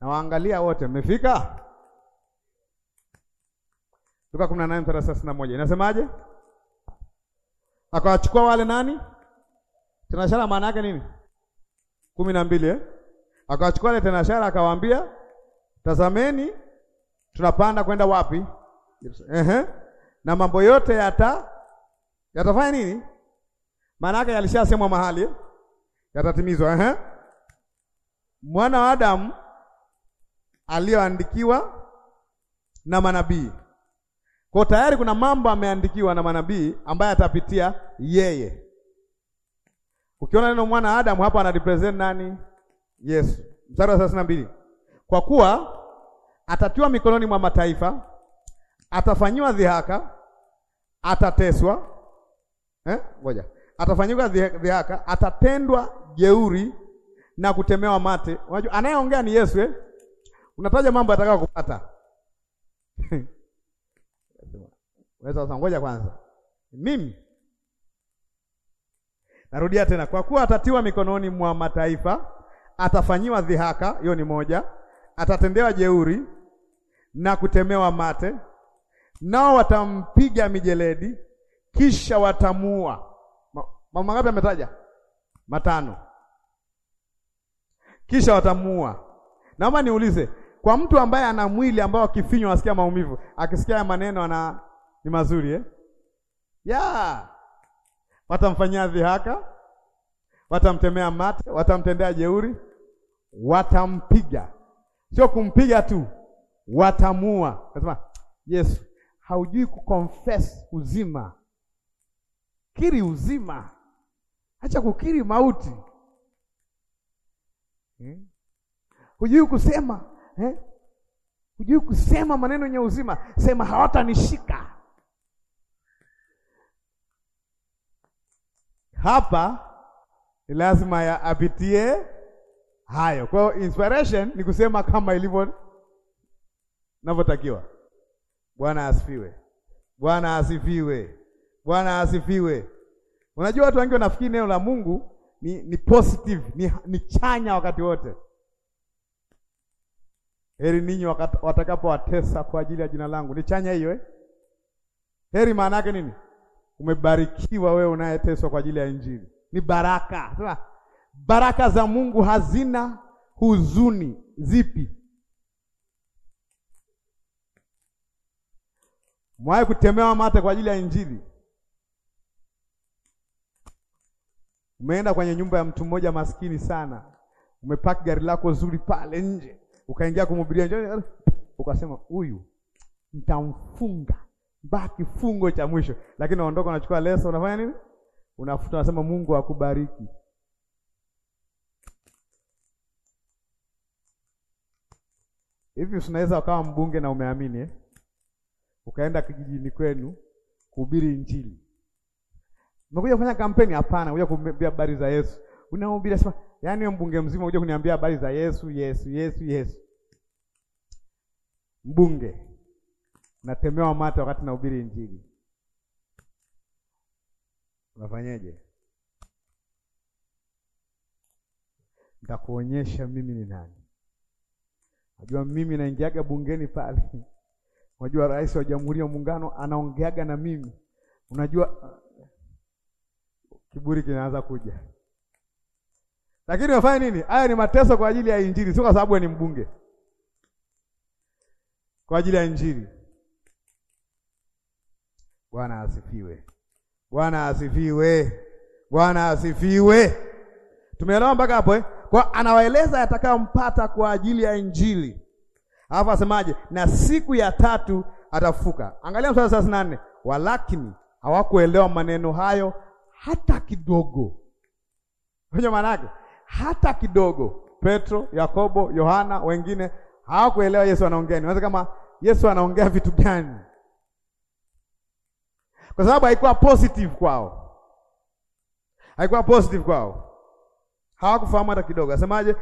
Speaker 1: Nawaangalia wote, mmefika? Luka kumi na nane thelathini na moja inasemaje? Akawachukua wale nani? Tunashara maana yake nini? kumi na mbili eh? Akawachukua ile tenashara akawaambia, tazameni tunapanda kwenda wapi? Ehe. Na mambo yote yata yatafanya nini? Maana yake yalishasemwa mahali yatatimizwa. Ehe. Mwana wa Adamu aliyoandikiwa na manabii. Kwa tayari kuna mambo ameandikiwa na manabii ambaye atapitia yeye. Ukiona neno mwana Adamu hapa anarepresent nani? Yesu. Mstari wa thelathini na mbili, kwa kuwa atatiwa mikononi mwa mataifa, atafanyiwa dhihaka, atateswa. Eh, ngoja, atafanyiwa dhihaka, atatendwa jeuri na kutemewa mate. Unajua anayeongea ni Yesu eh? Unataja mambo atakayo kupata <laughs> Ngoja kwanza, mimi narudia tena, kwa kuwa atatiwa mikononi mwa mataifa atafanyiwa dhihaka, hiyo ni moja, atatendewa jeuri na kutemewa mate, nao watampiga mijeledi, kisha watamua Mambo mangapi ametaja? Matano. Kisha watamua Naomba niulize, kwa mtu ambaye ana mwili ambao akifinywa asikia maumivu, akisikia maneno ana ni mazuri eh? ya watamfanyia dhihaka watamtemea mate, watamtendea jeuri, watampiga. Sio kumpiga tu, watamua. Nasema Yesu, haujui kuconfess uzima, kiri uzima, acha kukiri mauti hmm? Hujui kusema eh? Hujui kusema maneno yenye uzima, sema hawatanishika hapa ni lazima ya apitie hayo. Kwa hiyo inspiration ni kusema kama ilivyo navyotakiwa. Bwana asifiwe! Bwana asifiwe! Bwana asifiwe! Unajua, watu wengi wanafikiri neno la Mungu ni, ni positive ni, ni chanya wakati wote. Heri ninyi watakapowatesa kwa ajili ya jina langu, ni chanya hiyo eh? Heri maana yake nini? Umebarikiwa wewe unayeteswa kwa ajili ya Injili ni baraka. Sasa baraka za Mungu hazina huzuni. Zipi? mwae kutemewa mate kwa ajili ya Injili? Umeenda kwenye nyumba ya mtu mmoja maskini sana, umepaki gari lako zuri pale nje, ukaingia kumhubiria njoo, ukasema huyu nitamfunga mpaka kifungo cha mwisho, lakini naondoka, unachukua leso, unafanya nini? unafuta, unasema Mungu akubariki. Hivi unaweza ukawa mbunge na umeamini eh? Ukaenda kijijini kwenu kuhubiri Injili. Umekuja kufanya kampeni? Hapana, kuja kuambia habari za Yesu. Unahubiri sema, yaani wewe mbunge mzima unakuja kuniambia habari za Yesu, Yesu, Yesu, Yesu. Mbunge natemewa mate wakati nahubiri Injili unafanyaje? Nitakuonyesha mimi ni nani. Najua mimi naingiaga bungeni pale unajua rais wa Jamhuri ya Muungano anaongeaga na mimi, unajua kiburi kinaanza kuja, lakini wafanye nini? Haya ni mateso kwa ajili ya Injili, sio kwa sababu ni mbunge, kwa ajili ya Injili. Bwana asifiwe. Bwana asifiwe. Bwana asifiwe. Tumeelewa mpaka hapo eh? Kwa anawaeleza atakayompata kwa ajili ya Injili. Alafu asemaje? Na siku ya tatu atafuka Angalia mstari wa nne Walakini hawakuelewa maneno hayo hata kidogo. Unajua maana yake? Hata kidogo. Petro, Yakobo, Yohana, wengine hawakuelewa Yesu anaongea nini. kama Yesu anaongea vitu gani? kwa sababu haikuwa positive kwao, haikuwa positive kwao, hawakufahamu hata kidogo. Asemaje?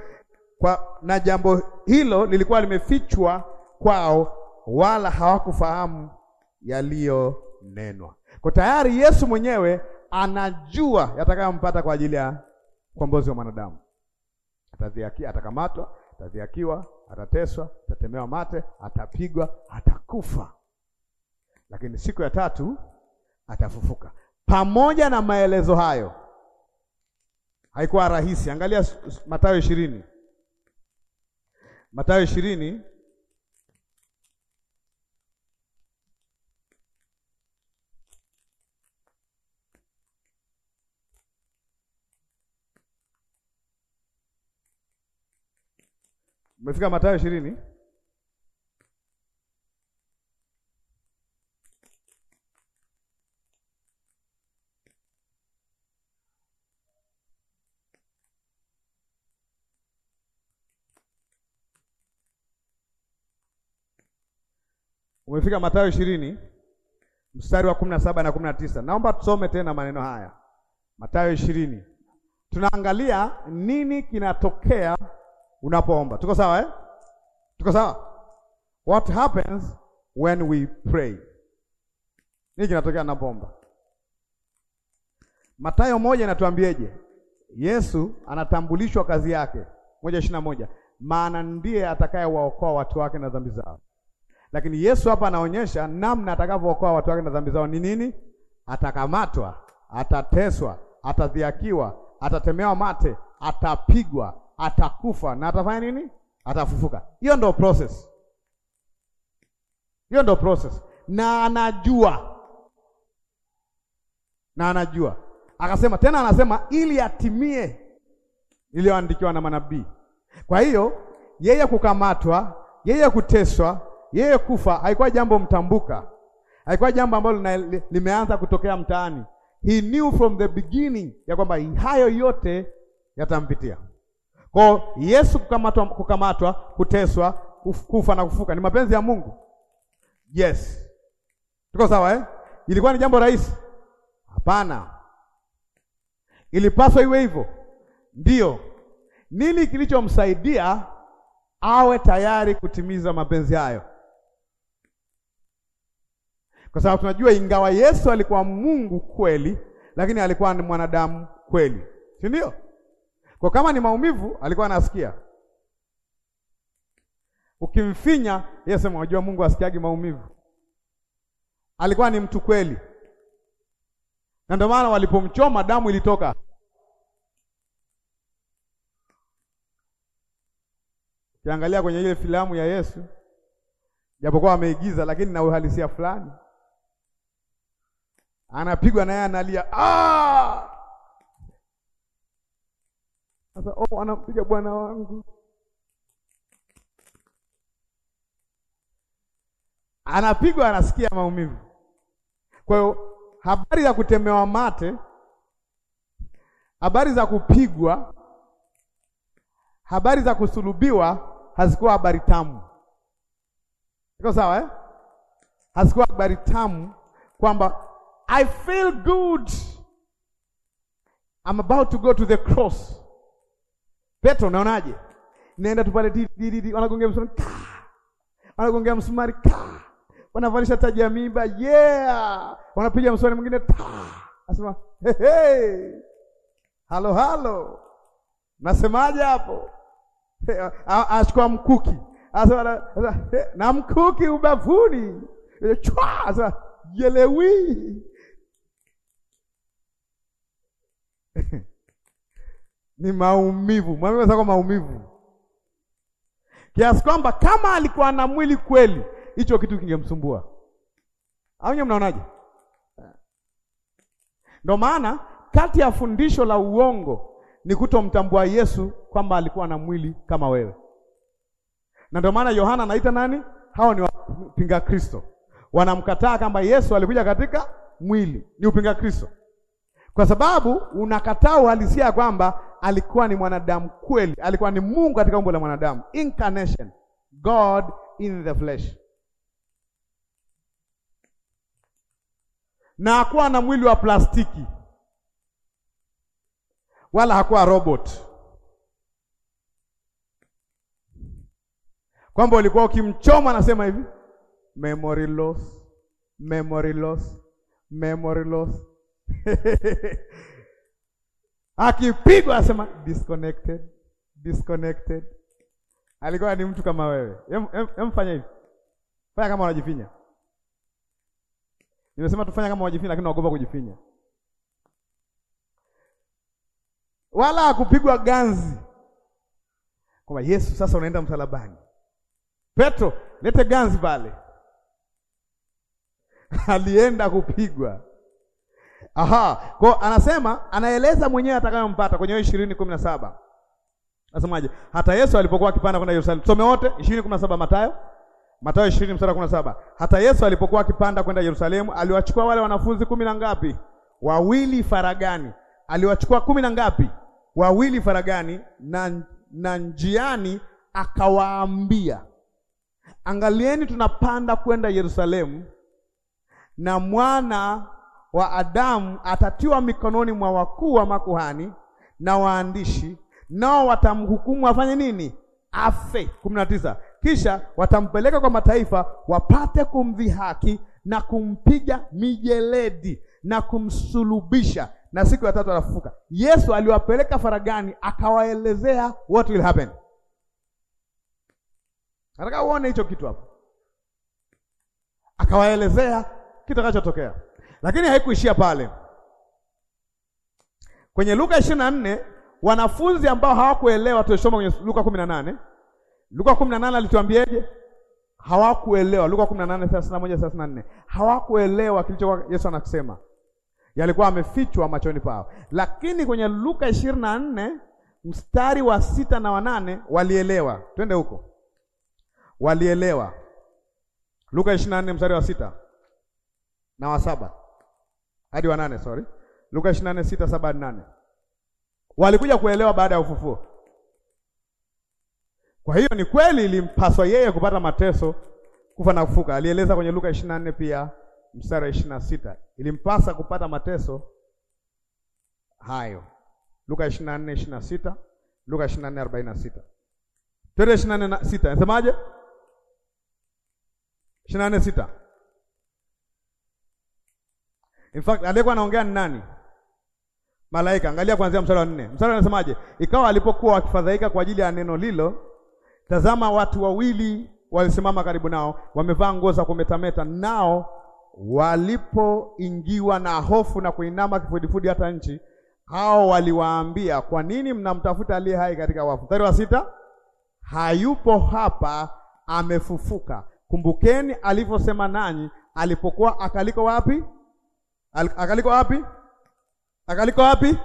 Speaker 1: Kwa na jambo hilo lilikuwa limefichwa kwao, wala hawakufahamu yaliyonenwa. Kwa tayari Yesu mwenyewe anajua yatakayompata kwa ajili ya ukombozi wa mwanadamu. Atadhiaki, atakamatwa, atadhiakiwa, atateswa, atatemewa mate, atapigwa, atakufa, lakini siku ya tatu atafufuka. Pamoja na maelezo hayo, haikuwa rahisi. Angalia Mathayo ishirini, Mathayo ishirini Umefika Mathayo ishirini? Umefika Mathayo ishirini mstari wa kumi na saba na kumi na tisa. Naomba tusome tena maneno haya, Mathayo ishirini. Tunaangalia nini kinatokea unapoomba. Tuko sawa eh? Tuko sawa. What happens when we pray? Nini kinatokea unapoomba? Mathayo moja inatuambieje? Yesu anatambulishwa kazi yake. moja ishirini na moja, maana ndiye atakayewaokoa watu wake na dhambi zao. Lakini Yesu hapa anaonyesha namna atakavyookoa watu wake na dhambi zao. Ni nini? Atakamatwa, atateswa, atadhiakiwa, atatemewa mate, atapigwa, atakufa na atafanya nini? Atafufuka. Hiyo ndio process, hiyo ndio process. Na anajua, na anajua akasema tena, anasema ili atimie iliyoandikiwa na manabii. Kwa hiyo yeye kukamatwa, yeye kuteswa yeye kufa haikuwa jambo mtambuka, haikuwa jambo ambalo limeanza kutokea mtaani. He knew from the beginning ya kwamba hayo yote yatampitia. Kwa Yesu kukamatwa, kukamatwa, kuteswa, kufa na kufuka ni mapenzi ya Mungu. Yes, tuko sawa eh? Ilikuwa ni jambo rahisi? Hapana, ilipaswa iwe hivyo. Ndiyo, nini kilichomsaidia awe tayari kutimiza mapenzi hayo? kwa sababu tunajua ingawa Yesu alikuwa Mungu kweli, lakini alikuwa ni mwanadamu kweli, si ndio? Kwa kama ni maumivu alikuwa anasikia. Ukimfinya Yesu, unajua Mungu asikiagi maumivu. Alikuwa ni mtu kweli, na ndio maana walipomchoma damu ilitoka. Ukiangalia kwenye ile filamu ya Yesu, japokuwa ameigiza, lakini na uhalisia fulani anapigwa naye analia, ah! Sasa oh, anampiga bwana wangu, anapigwa, anasikia maumivu. Kwa hiyo habari za kutemewa mate, habari za kupigwa, habari za kusulubiwa hazikuwa habari tamu. Iko sawa eh? Hazikuwa habari tamu kwamba I feel good. I'm about to go to the cross. Petro, naonaje? Naenda tu pale didi, wanagongea msumari, wanagongea msumari, wanavalisha taji ya mimba, yeah, wanapiga msumari mwingine, anasema hey, halo halo, nasemaje hapo? Ashikwa <laughs> mkuki, anasema na mkuki ubavuni, chwa, anasema yelewi <laughs> ni maumivu. Mwambie mwenzako maumivu, kiasi kwamba kama alikuwa na mwili kweli, hicho kitu kingemsumbua. Au nyewe mnaonaje? Ndio maana kati ya fundisho la uongo ni kutomtambua Yesu kwamba alikuwa na mwili kama wewe, na ndio maana Yohana anaita nani? Hao ni wapinga Kristo, wanamkataa kwamba Yesu alikuja katika mwili, ni upinga Kristo kwa sababu unakataa uhalisia kwamba alikuwa ni mwanadamu kweli, alikuwa ni Mungu katika umbo la mwanadamu, incarnation, God in the flesh, na hakuwa na mwili wa plastiki wala hakuwa robot, kwamba ulikuwa ukimchoma anasema hivi memory loss, memory loss, memory loss <laughs> akipigwa asema disconnected, disconnected. Alikuwa ni mtu kama wewe. fanya hivi, fanya kama unajifinya. Nimesema tufanya kama unajifinya, lakini naogopa kujifinya. Wala akupigwa ganzi kwamba Yesu sasa unaenda msalabani. Petro, lete ganzi pale. <laughs> Alienda kupigwa Aha, kwa anasema anaeleza mwenyewe atakayompata kwenye ishirini kumi na saba. Nasemaje? Hata Yesu alipokuwa akipanda kwenda Yerusalemu. Tusome wote 20:17 Mathayo. Mathayo 20 mstari 17. Hata Yesu alipokuwa akipanda kwenda Yerusalemu, aliwachukua wale wanafunzi kumi na ngapi? Wawili faragani. Aliwachukua kumi na ngapi? Wawili faragani na, na njiani akawaambia, angalieni tunapanda kwenda Yerusalemu na mwana wa Adamu atatiwa mikononi mwa wakuu wa makuhani na waandishi, nao watamhukumu afanye nini? Afe. kumi na tisa. Kisha watampeleka kwa mataifa wapate kumdhihaki na kumpiga mijeledi na kumsulubisha, na siku ya tatu atafufuka. Yesu aliwapeleka faragani, akawaelezea what will happen. Nataka uone hicho kitu hapo, akawaelezea kitakachotokea. Lakini haikuishia pale. Kwenye Luka 24 na nne wanafunzi ambao hawakuelewa, tulisoma kwenye Luka kumi na nane Luka 18 alituambiaje? Hawakuelewa. Luka 18:31 34. hawakuelewa kilichokuwa Yesu anasema. yalikuwa amefichwa machoni pao. Lakini kwenye Luka 24 na nne mstari wa sita na wanane walielewa. Twende huko, walielewa. Luka 24 mstari wa sita na wa saba hadi wa nane, sorry, Luka 24:6-78 walikuja kuelewa baada ya ufufuo. Kwa hiyo ni kweli ilimpaswa yeye kupata mateso, kufa na kufuka. Alieleza kwenye Luka 24 pia mstari wa 26, ilimpasa kupata mateso hayo. Luka 24:26, Luka 24:46. Twende 24:6, nasemaje? In fact, aliyekuwa anaongea ni nani? Malaika. Angalia kuanzia mstari wa nne. Mstari unasemaje? Ikawa alipokuwa wakifadhaika kwa ajili ya neno lilo, tazama watu wawili walisimama karibu nao, wamevaa nguo za kumetameta, nao walipoingiwa na hofu na kuinama kifudifudi hata nchi, hao waliwaambia, kwa nini mnamtafuta aliye hai katika wafu? Mstari wa sita, hayupo hapa, amefufuka. Kumbukeni alivyosema nanyi alipokuwa akaliko wapi? akaliko wapi? Akaliko wapi?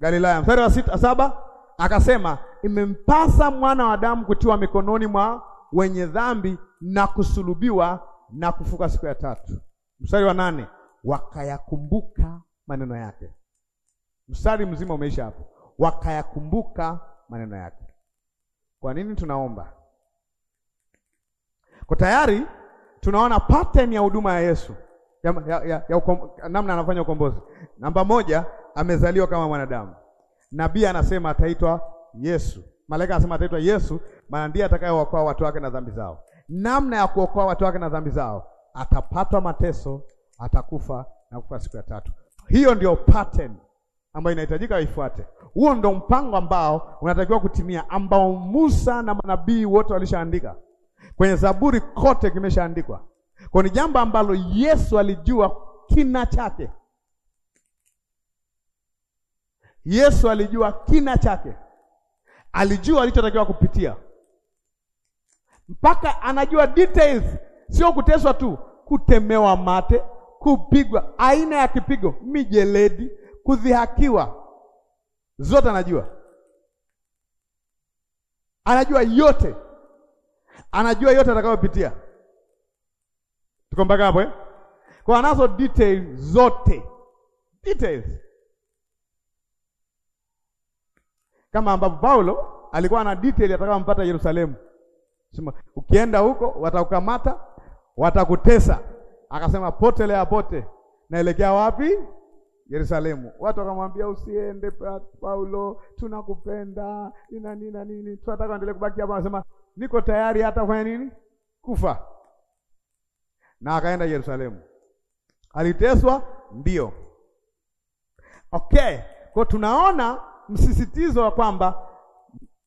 Speaker 1: Galilaya. Mstari wa sita, saba akasema imempasa mwana wa Adamu kutiwa mikononi mwa wenye dhambi na kusulubiwa na kufuka siku ya tatu. Mstari wa nane wakayakumbuka maneno yake. Mstari mzima umeisha hapo, wakayakumbuka maneno yake. Kwa nini tunaomba? Kwa tayari tunaona pattern ya huduma ya Yesu ya, ya, ya, ya ukom, namna anafanya ukombozi. Namba moja, amezaliwa kama mwanadamu. Nabii anasema ataitwa Yesu, malaika anasema ataitwa Yesu, maana ndiye atakayeokoa watu wake na dhambi zao. Namna ya kuokoa watu wake na dhambi zao, atapatwa mateso, atakufa na kufa siku ya tatu. Hiyo ndio pattern ambayo inahitajika ifuate. Huo ndio mpango ambao unatakiwa kutimia, ambao Musa na manabii wote walishaandika kwenye Zaburi, kote kimeshaandikwa. Kwa ni jambo ambalo Yesu alijua kina chake. Yesu alijua kina chake, alijua alichotakiwa kupitia, mpaka anajua details, sio kuteswa tu, kutemewa mate, kupigwa, aina ya kipigo, mijeledi, kudhihakiwa, zote anajua. Anajua yote, anajua yote atakayopitia. Tuko mpaka hapo eh? Kwa anazo details zote details, kama ambapo Paulo alikuwa na detail mpata Yerusalemu. Sema ukienda huko watakukamata, watakutesa. Akasema potelea pote, naelekea wapi? Yerusalemu. Watu wakamwambia usiende Paulo, tunakupenda nina nina nini, tunataka endelee kubaki hapa. Anasema niko tayari hata fanya nini, kufa na akaenda Yerusalemu. Aliteswa ndio, okay. Kwa tunaona msisitizo wa kwamba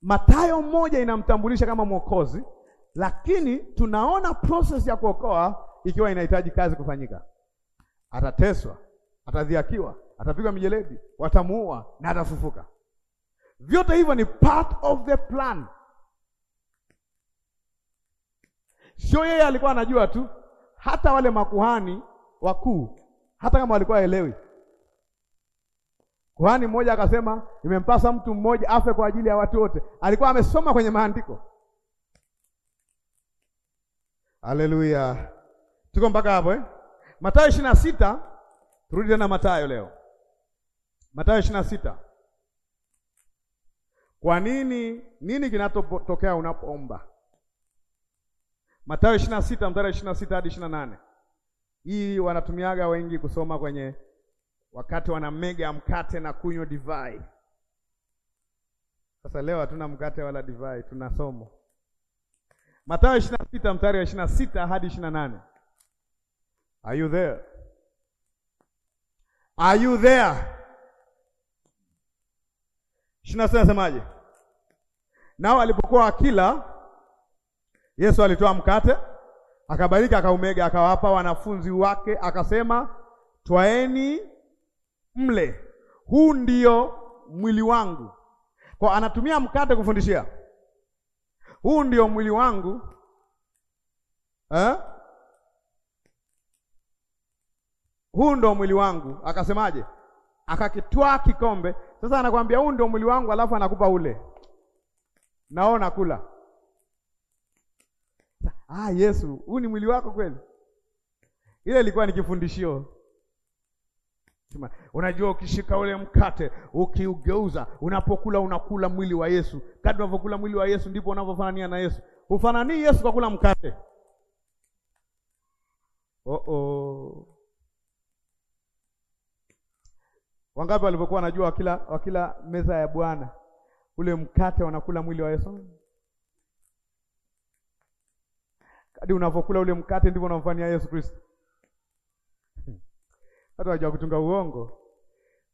Speaker 1: Mathayo moja inamtambulisha kama mwokozi, lakini tunaona process ya kuokoa ikiwa inahitaji kazi kufanyika. Atateswa, atadhiakiwa, atapigwa mijeledi, watamuua na atafufuka. Vyote hivyo ni part of the plan. Sio yeye alikuwa anajua tu hata wale makuhani wakuu, hata kama walikuwa elewi. Kuhani mmoja akasema imempasa mtu mmoja afe kwa ajili ya watu wote, alikuwa amesoma kwenye maandiko. Haleluya, tuko mpaka hapo eh? Mathayo ishirini na sita. Turudi tena Mathayo leo, Mathayo ishirini na sita. Kwa nini nini kinatotokea unapoomba? Mathayo 26 mstari 26 hadi 28. Hii wanatumiaga wengi kusoma kwenye wakati wana mega mkate na kunywa divai. Sasa leo hatuna mkate wala divai, tuna somo. Mathayo 26 mstari wa 26 hadi 28. Are you there? Are you there? Shina sasa semaje? Nao alipokuwa akila Yesu alitoa mkate akabariki, akaumega, akawapa wanafunzi wake, akasema, twaeni mle, huu ndio mwili wangu. Kwa anatumia mkate kufundishia, huu ndio mwili wangu eh? huu ndio mwili wangu. Akasemaje? Akakitwaa kikombe. Sasa anakwambia huu ndio mwili wangu, alafu anakupa ule, naona kula ah, Yesu, huu ni mwili wako kweli? Ile ilikuwa ni kifundishio. Unajua, ukishika ule mkate ukiugeuza, unapokula unakula mwili wa Yesu. Kadri unavyokula mwili wa Yesu ndipo unavyofanania na Yesu. Ufananii Yesu kwa kula mkate? oh -oh. Wangapi walivyokuwa wanajua wakila wakila meza ya Bwana ule mkate wanakula mwili wa Yesu? Hadi unavyokula ule mkate ndivyo unamfanyia Yesu Kristo. Hmm. Hata hajua kutunga uongo.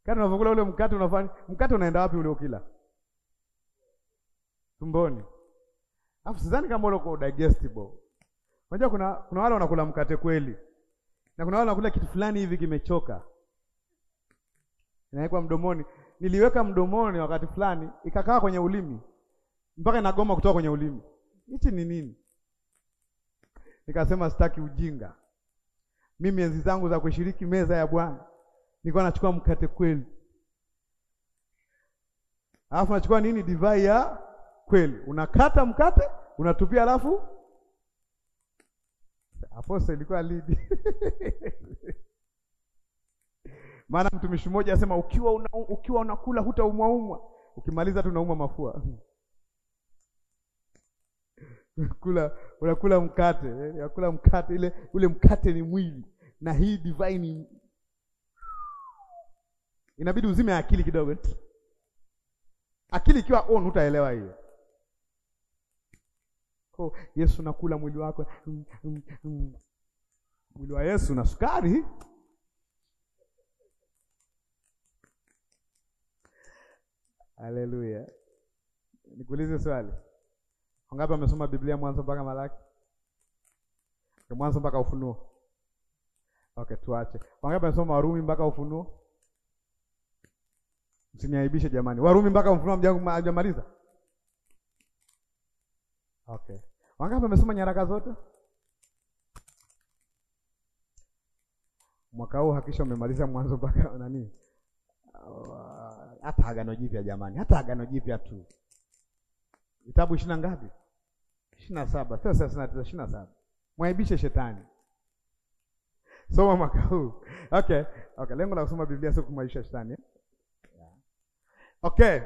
Speaker 1: Kati unavyokula ule mkate unafanya mkate unaenda wapi ule ukila? Tumboni. Alafu sidhani kama ule uko digestible. Unajua kuna kuna wale wanakula mkate kweli. Na kuna wale wanakula kitu fulani hivi kimechoka. Inawekwa mdomoni. Niliweka mdomoni wakati fulani, ikakaa kwenye ulimi mpaka inagoma kutoka kwenye ulimi. Hichi ni nini? Nikasema sitaki ujinga. Mimi enzi zangu za kushiriki meza ya Bwana nilikuwa nachukua mkate kweli, alafu nachukua nini, divai ya kweli. Unakata mkate unatupia, alafu aposa ilikuwa lidi <laughs> maana mtumishi mmoja asema, ukiwa una, ukiwa unakula hutaumwaumwa, ukimaliza tu unaumwa mafua unakula <laughs> unakula mkate, eh, unakula mkate ile, ule mkate ni mwili, na hii divine <sighs> inabidi uzime akili kidogo. Akili ikiwa on, utaelewa hiyo. Oh, Yesu nakula mwili wako, mm, mm, mm. Mwili wa Yesu na sukari. Haleluya! Nikuulize swali Wangapi wamesoma Biblia mwanzo mpaka Malaki? Mwanzo mpaka Ufunuo. Okay, tuache. Wangapi wamesoma Warumi mpaka Ufunuo? Msiniaibishe jamani. Warumi mpaka Ufunuo hamjamaliza? Okay. Wangapi wamesoma nyaraka zote? Mwaka huu hakisha umemaliza mwanzo mpaka <laughs> nani? Hata Agano Jipya jamani, hata Agano Jipya tu. Vitabu ishirini na ngapi? ishirini na saba sio thelathini na tisa ishirini na saba mwaibishe shetani soma mwaka huu okay. Okay, lengo la kusoma Biblia sio kumwaibisha shetani Okay,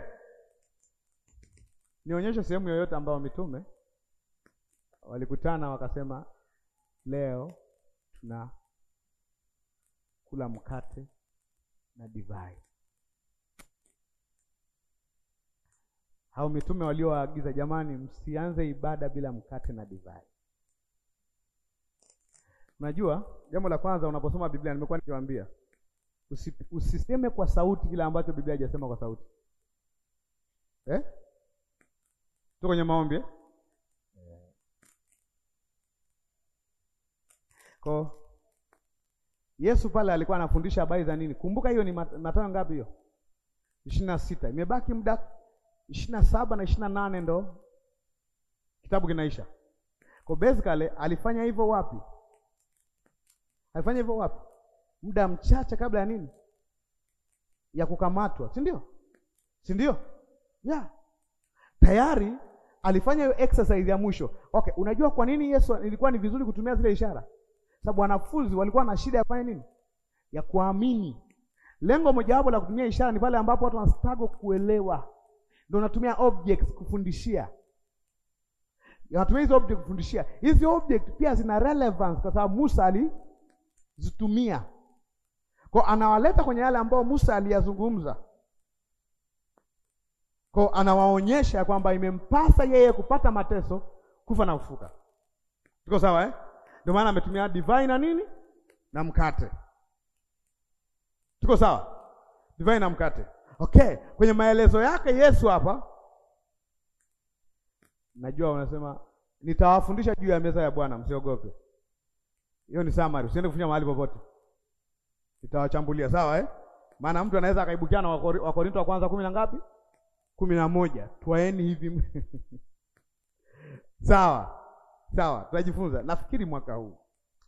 Speaker 1: nionyeshe sehemu yoyote ambayo mitume walikutana wakasema leo tuna kula mkate na divai. au mitume walioagiza, jamani, msianze ibada bila mkate na divai. Najua jambo la kwanza unaposoma Biblia, nimekuwa nikiwaambia usi, usiseme kwa sauti kile ambacho Biblia haijasema kwa sauti eh? Tuko kwenye maombi eh? ko Yesu pale alikuwa anafundisha habari za nini? Kumbuka hiyo ni Mathayo ngapi hiyo? ishirini na sita. Imebaki muda ishirini na saba na ishirini na nane ndo kitabu kinaisha. Kwa basically alifanya hivyo wapi? Alifanya hivyo wapi? Muda mchache kabla ya nini? Ya kukamatwa, si ndio? Si ndio? Yeah. Tayari alifanya hiyo exercise ya mwisho. Okay, unajua kwa nini Yesu ilikuwa ni vizuri kutumia zile ishara? Sababu wanafunzi walikuwa na shida ya kufanya nini? Ya kuamini. Lengo mojawapo la kutumia ishara ni pale ambapo watu wanastruggle kuelewa ndio unatumia objects kufundishia. Unatumia hizo object kufundishia. Hizi object pia zina relevance kwa sababu Musa alizitumia. Kwa anawaleta kwenye yale ambayo Musa aliyazungumza. Kwa anawaonyesha kwamba imempasa yeye kupata mateso, kufa na kufuka. Tuko sawa eh? Ndio maana ametumia divai na nini? Na mkate. Tuko sawa? Divai na mkate. Okay, kwenye maelezo yake Yesu hapa, najua unasema nitawafundisha juu ya meza ya Bwana, msiogope. Hiyo ni summary, usiende kufunya mahali popote, nitawachambulia sawa, eh? Maana mtu anaweza akaibukia na Wakorinto wa kwanza kumi na ngapi? kumi na moja. Twaeni hivi <laughs> sawa sawa, tutajifunza nafikiri mwaka huu,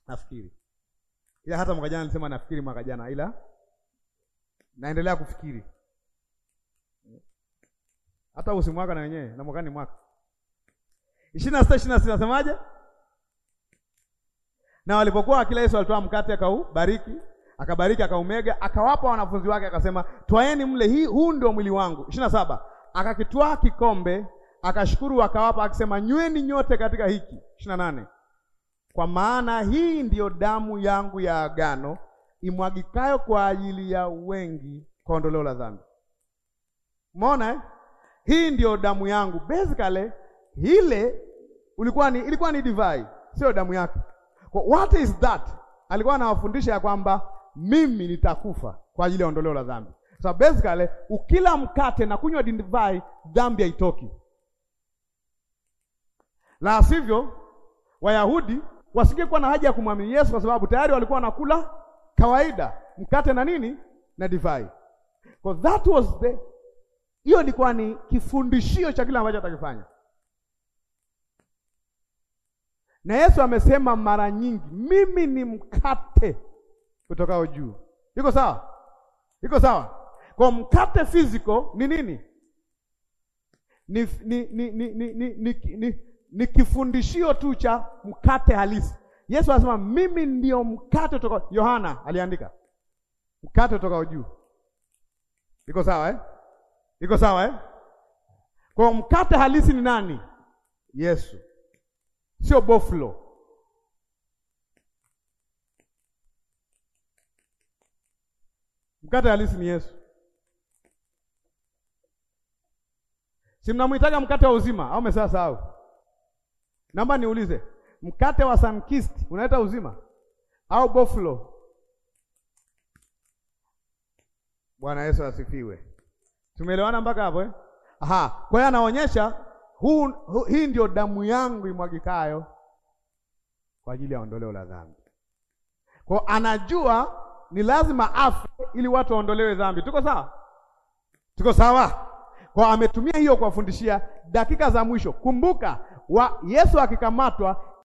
Speaker 1: nafikiri ila hata mwaka jana nilisema, nafikiri mwaka jana, ila naendelea kufikiri hata usimwaka na wenyewe na mwakani mwaka ishirini na sita ishirini na sita nasemaje? Na walipokuwa akila, Yesu alitoa mkate akaubariki, akabariki akaumega, akawapa wanafunzi wake, akasema twaeni mle, hii huu ndio mwili wangu. ishirini na saba akakitwaa kikombe akashukuru, akawapa akisema, nyweni nyote katika hiki. ishirini na nane kwa maana hii ndiyo damu yangu ya agano imwagikayo kwa ajili ya wengi kwa ondoleo la dhambi. Umeona eh? hii ndio damu yangu. Basically ile ulikuwa ni ilikuwa ni divai, sio damu yake. what is that? Alikuwa anawafundisha ya kwamba mimi nitakufa kwa ajili ya ondoleo la dhambi. So basically ukila mkate na kunywa divai, dhambi haitoki, la sivyo Wayahudi wasingekuwa na haja ya kumwamini Yesu kwa sababu tayari walikuwa wanakula kawaida mkate na nini na divai. Because that was the hiyo ilikuwa ni kifundishio cha kile ambacho atakifanya. Na Yesu amesema mara nyingi, mimi ni mkate kutokao juu. Iko sawa? Iko sawa? Kwa mkate physical ni nini? Ni ni ni ni ni, ni, ni, ni, ni kifundishio tu cha mkate halisi. Yesu anasema mimi ndio mkate utokao. Yohana aliandika mkate utokao juu. Iko sawa eh? Iko sawa eh? Kwa mkate halisi ni nani? Yesu, sio boflo. Mkate halisi ni Yesu. Si mnamuitaga mkate wa uzima au umesahau? Naomba niulize, mkate wa Sankist unaleta uzima au boflo? Bwana Yesu asifiwe. Tumeelewana mpaka hapo eh? Aha, kwa hiyo anaonyesha huu, hu, hii ndio damu yangu imwagikayo kwa ajili ya ondoleo la dhambi. Kwa anajua ni lazima afe ili watu waondolewe dhambi. Tuko sawa? Tuko sawa? Kwa ametumia hiyo kuwafundishia dakika za mwisho. Kumbuka wa Yesu akikamatwa